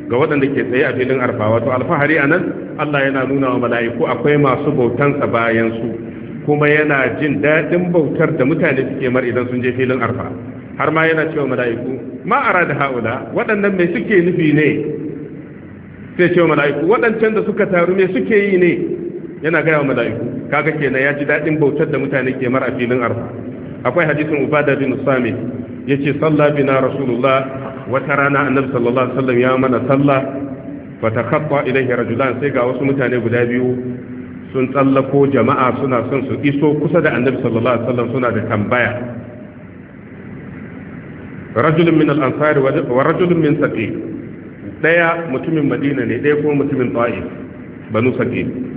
ga waɗanda ke tsaye a filin arfa wato alfahari anan Allah yana nuna wa mala'iku akwai masu bautansa bayan su kuma yana jin daɗin bautar da mutane suke mar idan sun je filin arfa har ma yana cewa mala'iku ma'ara da haula waɗannan me suke nufi ne sai cewa mala'iku waɗancan da suka taru me suke yi ne yana gaya wa mala'iku kaga kenan ya ji daɗin bautar da mutane ke mara filin arfa akwai hadisin ubada bin sami yace sallah bina rasulullah wata rana annabi sallallahu alaihi wasallam ya mana sallah fa takhatta ilaihi rajulan sai ga wasu mutane guda biyu sun tsallako jama'a suna son su iso kusa da annabi sallallahu alaihi wasallam suna da tambaya rajulun min al-ansari wa rajulun min saqi daya mutumin madina ne daya kuma mutumin ta'if banu saqi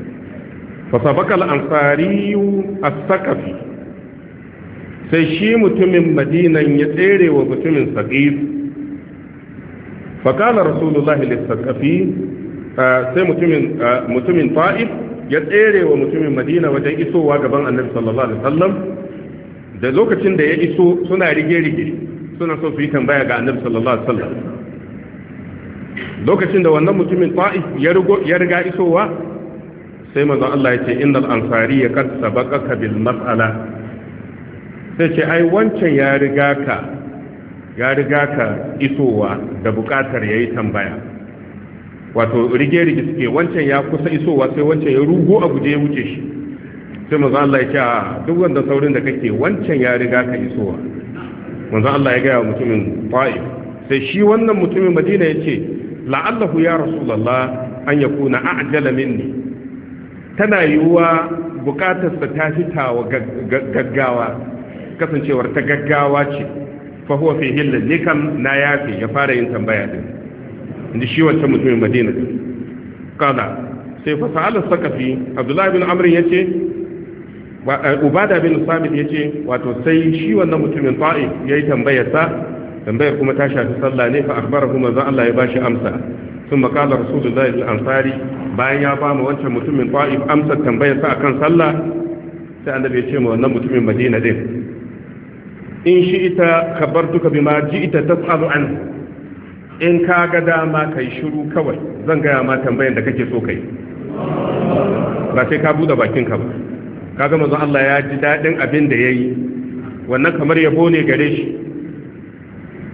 fasabaka al'ansariyu a sakafi sai shi mutumin madinan ya tsere wa mutumin saƙif faƙalar rasulullahi lissakafi sai mutumin fa'if ya tsere wa mutumin madina wajen isowa gaban annabi sallallahu alaihi wasallam da lokacin da ya iso suna rige-rige suna so su yi tambaya ga annabi sallallahu alaihi wasallam lokacin da wannan mutumin fa'if ya riga isowa sai manzon Allah ya ce innal ansari ya kad sabaqaka bil mas'ala sai ce ai wancan ya riga ka ya riga ka isowa da bukatar yayi tambaya wato rige rige suke wancan ya kusa isowa sai wancan ya rugo a guje ya wuce shi sai manzon Allah ya ce duk wanda saurin da kake wancan ya riga ka isowa manzon Allah ya ga mutumin fa'i sai shi wannan mutumin Madina ya ce la'allahu ya rasulullah an yakuna a'jala minni tana yiwuwa bukatarsa ta fita wa gaggawa kasancewar ta gaggawa ce fahuwa fi hillin ne kam na yafe ya fara yin tambaya din inda shi wancan mutumin madina din kada sai fasa ala sakafi abdullahi bin amrin ya ce eh, ubada bin samit ya ce wato sai shi wannan mutumin fa'i ya yi tambayarsa tambayar kuma ta shafi sallah ne fa akbar kuma za Allah ya bashi amsa sun makala rasulullahi al-ansari bayan ya ba mu wancan mutumin ta'if amsa tambayar sa akan sallah sai annabi ya ce mu wannan mutumin madina din in shi ita kabartuka bima ji ita tas'alu an in ka ga dama kai shiru kawai zan gaya ma tambayar da kake so kai ba sai ka bude bakin ka ba kaga manzo Allah ya ji dadin abin da yayi wannan kamar yabo ne gare shi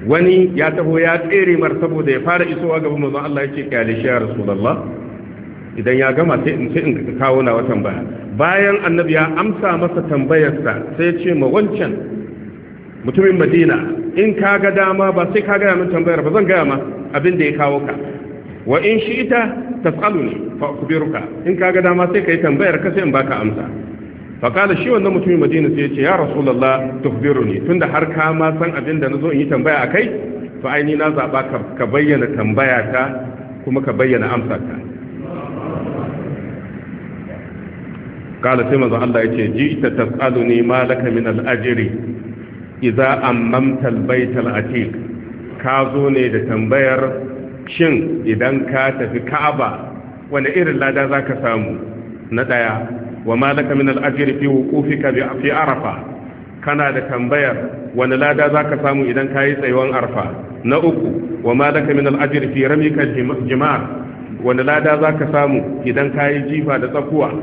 wani ya taho ya tsere mar saboda ya fara isowa gaban manzon Allah ya ce ya shi ya rasulullah idan ya gama sai in sai in kawo na wata baya bayan annabi ya amsa masa tambayarsa sai ya ce ma wancan mutumin madina in ka ga dama ba sai ka gaya min tambayar ba zan gaya ma abin da ya kawo ka wa in shi ita tas'aluni fa ukbiruka in ka ga dama sai kai tambayar ka sai in baka amsa fakala shi wannan mutumin madina sai ya ce ya rasulullah tukhbiruni tunda har ka ma san abin da nazo in yi tambaya akai to aini na zaba ka bayyana tambaya ta kuma ka bayyana amsa ta kala sai manzo Allah yace ji ta tasaluni ma laka min al-ajri idza ammamta al-bayt al-atiq ka zo ne da tambayar shin idan ka tafi Ka'aba wani irin lada zaka samu na ɗaya. wa ma laka min al-ajri fi wuqufika bi fi arafa kana da tambayar wani lada zaka samu idan kayi tsayuwan arfa na uku wa ma laka min al-ajri fi ramika jimar wani lada zaka samu idan kayi jifa da tsakuwa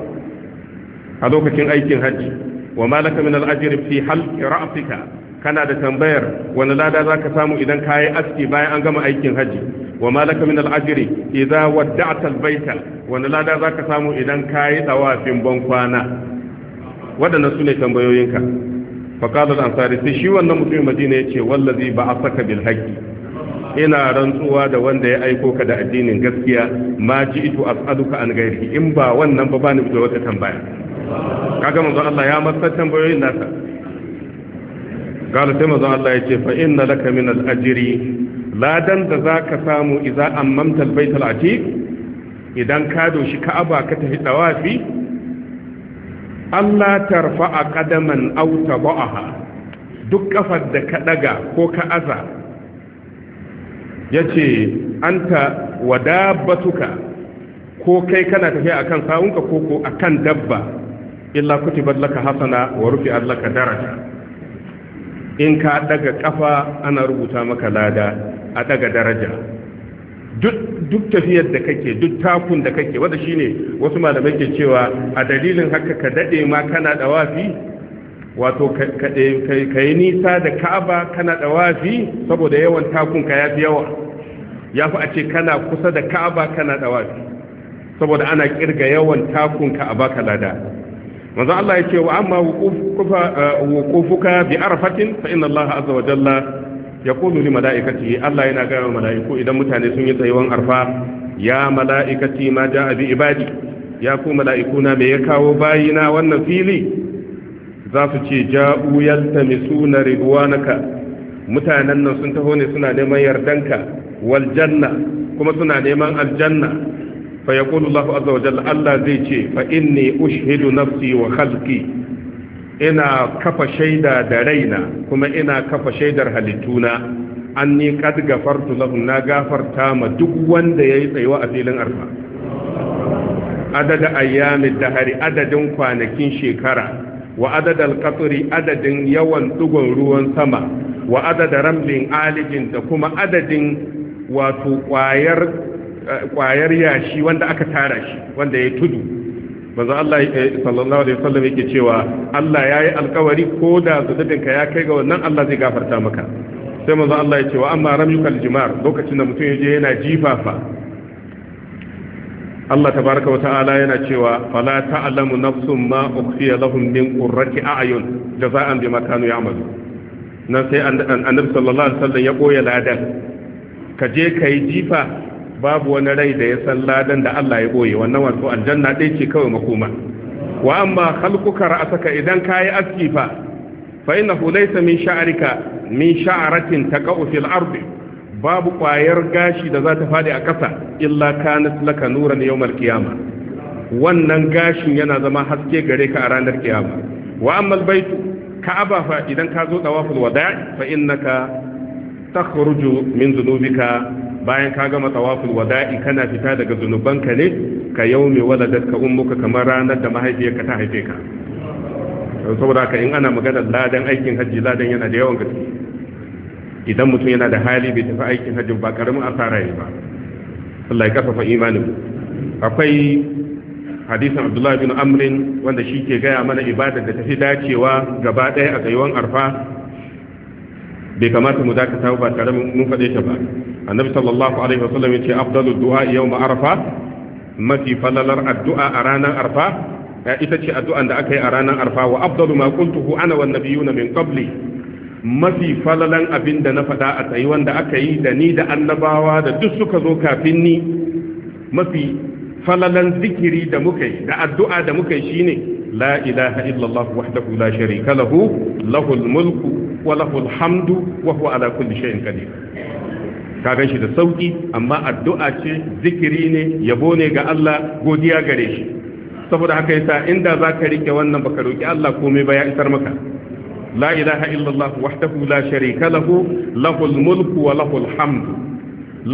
a lokacin aikin hajji wa ma laka min al-ajri fi halqi ra'sika kana da tambayar wani lada zaka samu idan kayi aski bayan an gama aikin hajji wa malaka min al'ajiri? Idan wadda a al-baita wanda lada ka samu idan kayi tawafin ban kwana wadanda sune tambayoyinka Fakadar ansari sai shi wannan mutumin madina ce wallazi ba ba'athaka bil haqqi ina rantsuwa da wanda ya aiko ka da addinin gaskiya ma ji ji'tu as'aluka an ghairi in ba wannan ba bani da wata tambaya kaga manzo Allah ya masa tambayoyin nasa قال تمزى الله يتي فإن لك من الأجر ladan da za ka samu iza ammamta baitul atik idan ka doshi ka'aba ka tafi dawafi Allah a qadaman aw tabaha duk ƙafar da ka ɗaga ko ka aza yace anta wadabatuka ko kai kana tafi akan sawunka ko ko akan dabba illa kutibat laka hasana wa rufi allaka daraja in ka ɗaga ƙafa ana rubuta maka lada a daga daraja duk tafiyar da kake duk takun da kake wanda shine wasu malamai ke cewa a dalilin haka ka dade ma kana da wafi? wato eh, ka yi nisa da ka'aba kana da wafi? saboda yawan takun ka yafi yawa ya fi a ce kana kusa da ka'aba kana da wafi? saboda ana kirga yawan takun ka a baka lada manzo Allah ya ce wa amma eh, wuqufuka bi arafatin fa inna Allah azza wa jalla ya kudu ni mala'ikati Allah yana gaya wa mala'iku idan mutane sun yi tsayuwan arfa ya mala'ikati ma a bi ibadi ya ku mala'ikuna mai ya kawo bayina wannan fili za su ce ja'u riguwa naka. mutanen nan sun taho ne suna neman yardanka wal janna kuma suna neman aljanna fa ya kudu Allah zai ce fa inni ushhidu nafsi wa khalqi ina kafa shaida da raina kuma ina kafa shaidar halittuna an ni kad gafartu lahu na gafarta ma duk wanda yayi tsayuwa a filin arfa adada ayyami dahari adadin kwanakin shekara wa adadal qatri adadin yawan dugon ruwan sama wa adada ramlin alijin da kuma adadin wato kwayar eh, kwayar yashi wanda aka tara shi wanda ya tudu manzo Allah eh, sallallahu alaihi wasallam yake cewa Allah yayi alkawari ko da zunubinka ya kai ga wannan Allah zai gafarta maka sai manzo Allah ya ce wa amma ramyukal jimar lokacin da mutum yaje yana jifafa Allah tabaraka wa ta'ala yana cewa fala ta'lamu nafsun ma ukhfiya lahum min qurrati a'yun jaza'an bima kanu ya'malu nan sai annabi sallallahu alaihi wasallam ya koya ladan ka je kai jifa babu wani rai da ya san ladan da Allah ya boye wannan wato aljanna dai ce kawai makoma wa amma khalquka ra'saka idan kai aski fa fa innahu laysa min sha'rika min sha'ratin taqa'u fil ardi babu kwayar gashi da za ta fadi a ƙasa illa kanat laka nuran yawmal qiyama wannan gashin yana zama haske gare ka a ranar kiyama wa amma albaytu ka'aba fa idan ka zo tawaful wada' fa innaka takhruju min dhunubika bayan ka gama tawaful wada'i kana fita daga zunubanka ne ka yaumi ka ummuka kamar ranar da mahaifiyarka ta haife ka saboda ka in ana magana ladan aikin hajji ladan yana da yawan gaske idan mutum yana da hali bai tafi aikin hajji ba karamin asara ne ba Allah ya kafafa imanin akwai hadisin Abdullah bin Amr wanda shi ke gaya mana ibadar da tafi dacewa gaba ɗaya a gaiwan arfa bai kamata mu dakata ba tare mun faɗe ta ba annabi sallallahu alaihi wasallam yace afdalud du'a yawm arfa mafi falalar addu'a a ranar arfa eh, ita ce addu'an da aka yi a ranar arfa wa afdalu ma qultuhu ana wan nabiyuna min qabli mafi falalan abin da na faɗa a tsayi wanda aka yi da ni da annabawa da duk suka zo kafin ni mafi falalan zikiri da muka yi da addu'a da muka yi shine la ilaha illallah wahdahu la sharika lahu lahul mulku wa lahul hamdu wa huwa ala kulli shay'in qadir ka gan shi da sauki amma addu'a ce zikiri ne yabo ne ga Allah godiya gare shi saboda haka yasa inda za ka rike wannan baka roki Allah komai ba ya isar maka la ilaha illallah wahdahu la sharika lahu lahul mulku wa lahul hamdu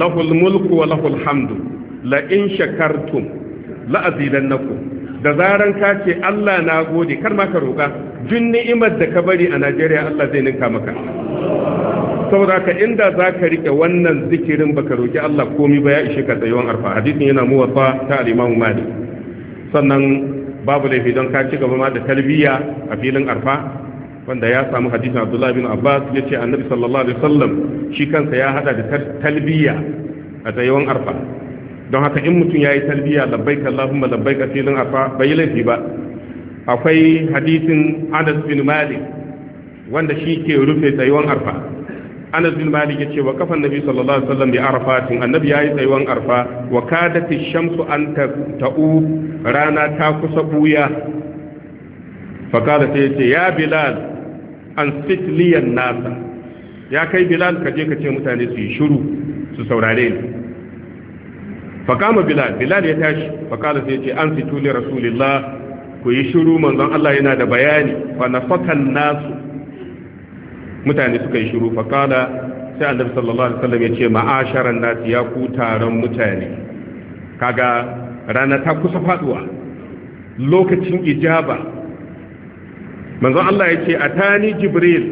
lahul mulku wa lahul hamdu la in shakartum la azidannakum da zaran ka ce Allah na gode kar ma ka roƙa jin ni'imar da ka bari a Najeriya Allah zai ninka maka saboda haka inda za ka rike wannan zikirin baka roki Allah komi ba ya ishe ka tsayuwan arfa hadisin yana mu wafa ta al-Imam Malik sannan babu laifi don ka ci gaba ma da talbiya a filin arfa wanda ya samu hadisin Abdullah bin Abbas ce Annabi sallallahu alaihi wasallam shi kansa ya hada da talbiya a tsayuwan arfa don haka in mutum yayi talbiya labbaik Allahumma labbaik a filin arfa bai laifi ba akwai hadisin Anas bin Malik wanda shi ke rufe tsayuwan arfa anas bin malik yace wa kafan nabi sallallahu alaihi wasallam bi arafatin annabi yayi tsayuwan arfa wa kadati shamsu an ta'u rana ta kusa buya fa kada sai yace ya bilal an liyan nasa ya kai bilal ka je ka ce mutane su yi shiru su saurare ni fa kama bilal bilal ya tashi fa kada sai yace an fituli rasulillah ku yi shiru manzon Allah yana da bayani fa nafakan nasu mutane suka yi shiru faƙala sai annabi sallallahu alaihi wasallam ya ce ma'asharan nasi ya ku taron mutane kaga rana ta kusa faduwa lokacin ijaba manzon Allah ya ce atani jibril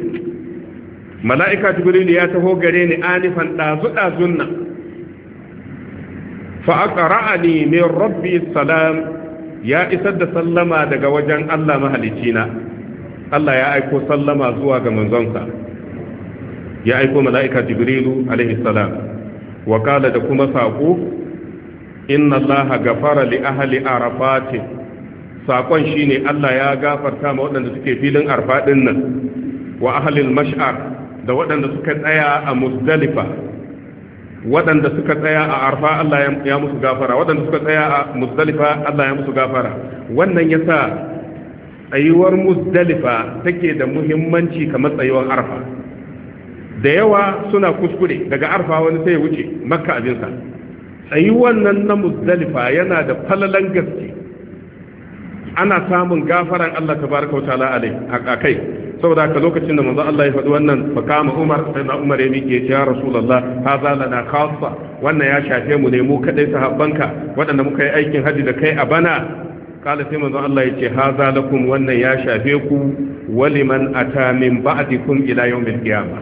mala'ika jibril ya taho gare ni anifan dazu dazun nan fa aqra'ani min rabbi salam ya isar da sallama daga wajen Allah mahalicina Allah ya aiko sallama zuwa ga manzonsa ya aiko mala'ika jibrilu alaihi salam wa kala da kuma saƙo inna Allah gafara li ahli arafatin saƙon ne Allah ya gafarta ma waɗanda suke filin arfaɗin nan wa ahlil mash'ar da waɗanda suka tsaya a musdalifa. waɗanda suka tsaya a arfa Allah ya musu gafara waɗanda suka tsaya a musdalifa Allah ya musu gafara wannan yasa tsayuwar muzdalifa take da muhimmanci kamar tsayuwar arfa da yawa suna kuskure daga arfa wani sai wuce makka abinsa tsayuwar nan na musdalifa yana da falalan gaske ana samun gafaran Allah ta baraka wata la'alai a kai saboda haka lokacin da manzo Allah ya faɗi wannan fa kama Umar sai na Umar ya miƙe ya Rasulullah Haza lana khassa wannan ya shafe mu ne mu kadai sahabbanka waɗanda muka yi aikin haji da kai a bana kala sai manzon Allah yace haza lakum wannan ya shafe ku waliman ata min ba'dikum ila yawmil qiyamah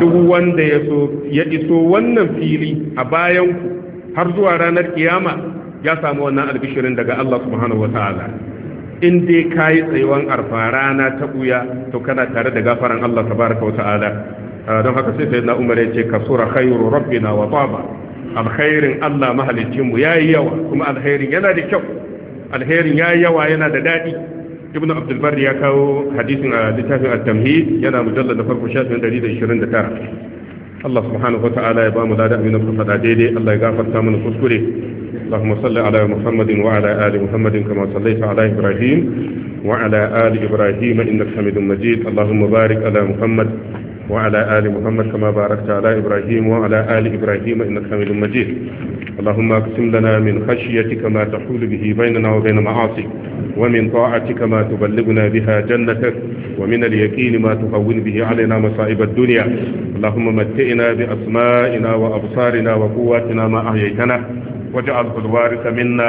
duk wanda ya so ya iso wannan fili a bayan ku har zuwa ranar kiyama ya samu wannan albishirin daga Allah subhanahu wataala in dai kayi tsayuwan arfa rana ta buya to kana tare da gafaran Allah tabaraka wataala don haka sai sayyidina Umar ya ce kasura khairu rabbina wa taba alkhairin Allah mahaliccin mu yayi yawa kuma alkhairin yana da kyau alherin ya yi yawa yana da daɗi ibn abdulbar ya kawo hadisin a littafin al-tamhid yana mujallar da farko shafin 129 Allah subhanahu wa ta'ala ya ba mu lada amina ku faɗa daidai Allah ya gafarta mana kuskure اللهم صل على محمد وعلى آل محمد كما صليت على إبراهيم وعلى آل إبراهيم إنك حميد مجيد اللهم بارك على Muhammad. وعلى آل محمد كما باركت على إبراهيم وعلى آل إبراهيم إنك حميد مجيد اللهم اقسم لنا من خشيتك ما تحول به بيننا وبين معاصيك ومن طاعتك ما تبلغنا بها جنتك ومن اليقين ما تهون به علينا مصائب الدنيا اللهم متئنا بأسمائنا وأبصارنا وقواتنا ما أحييتنا واجعله الوارث منا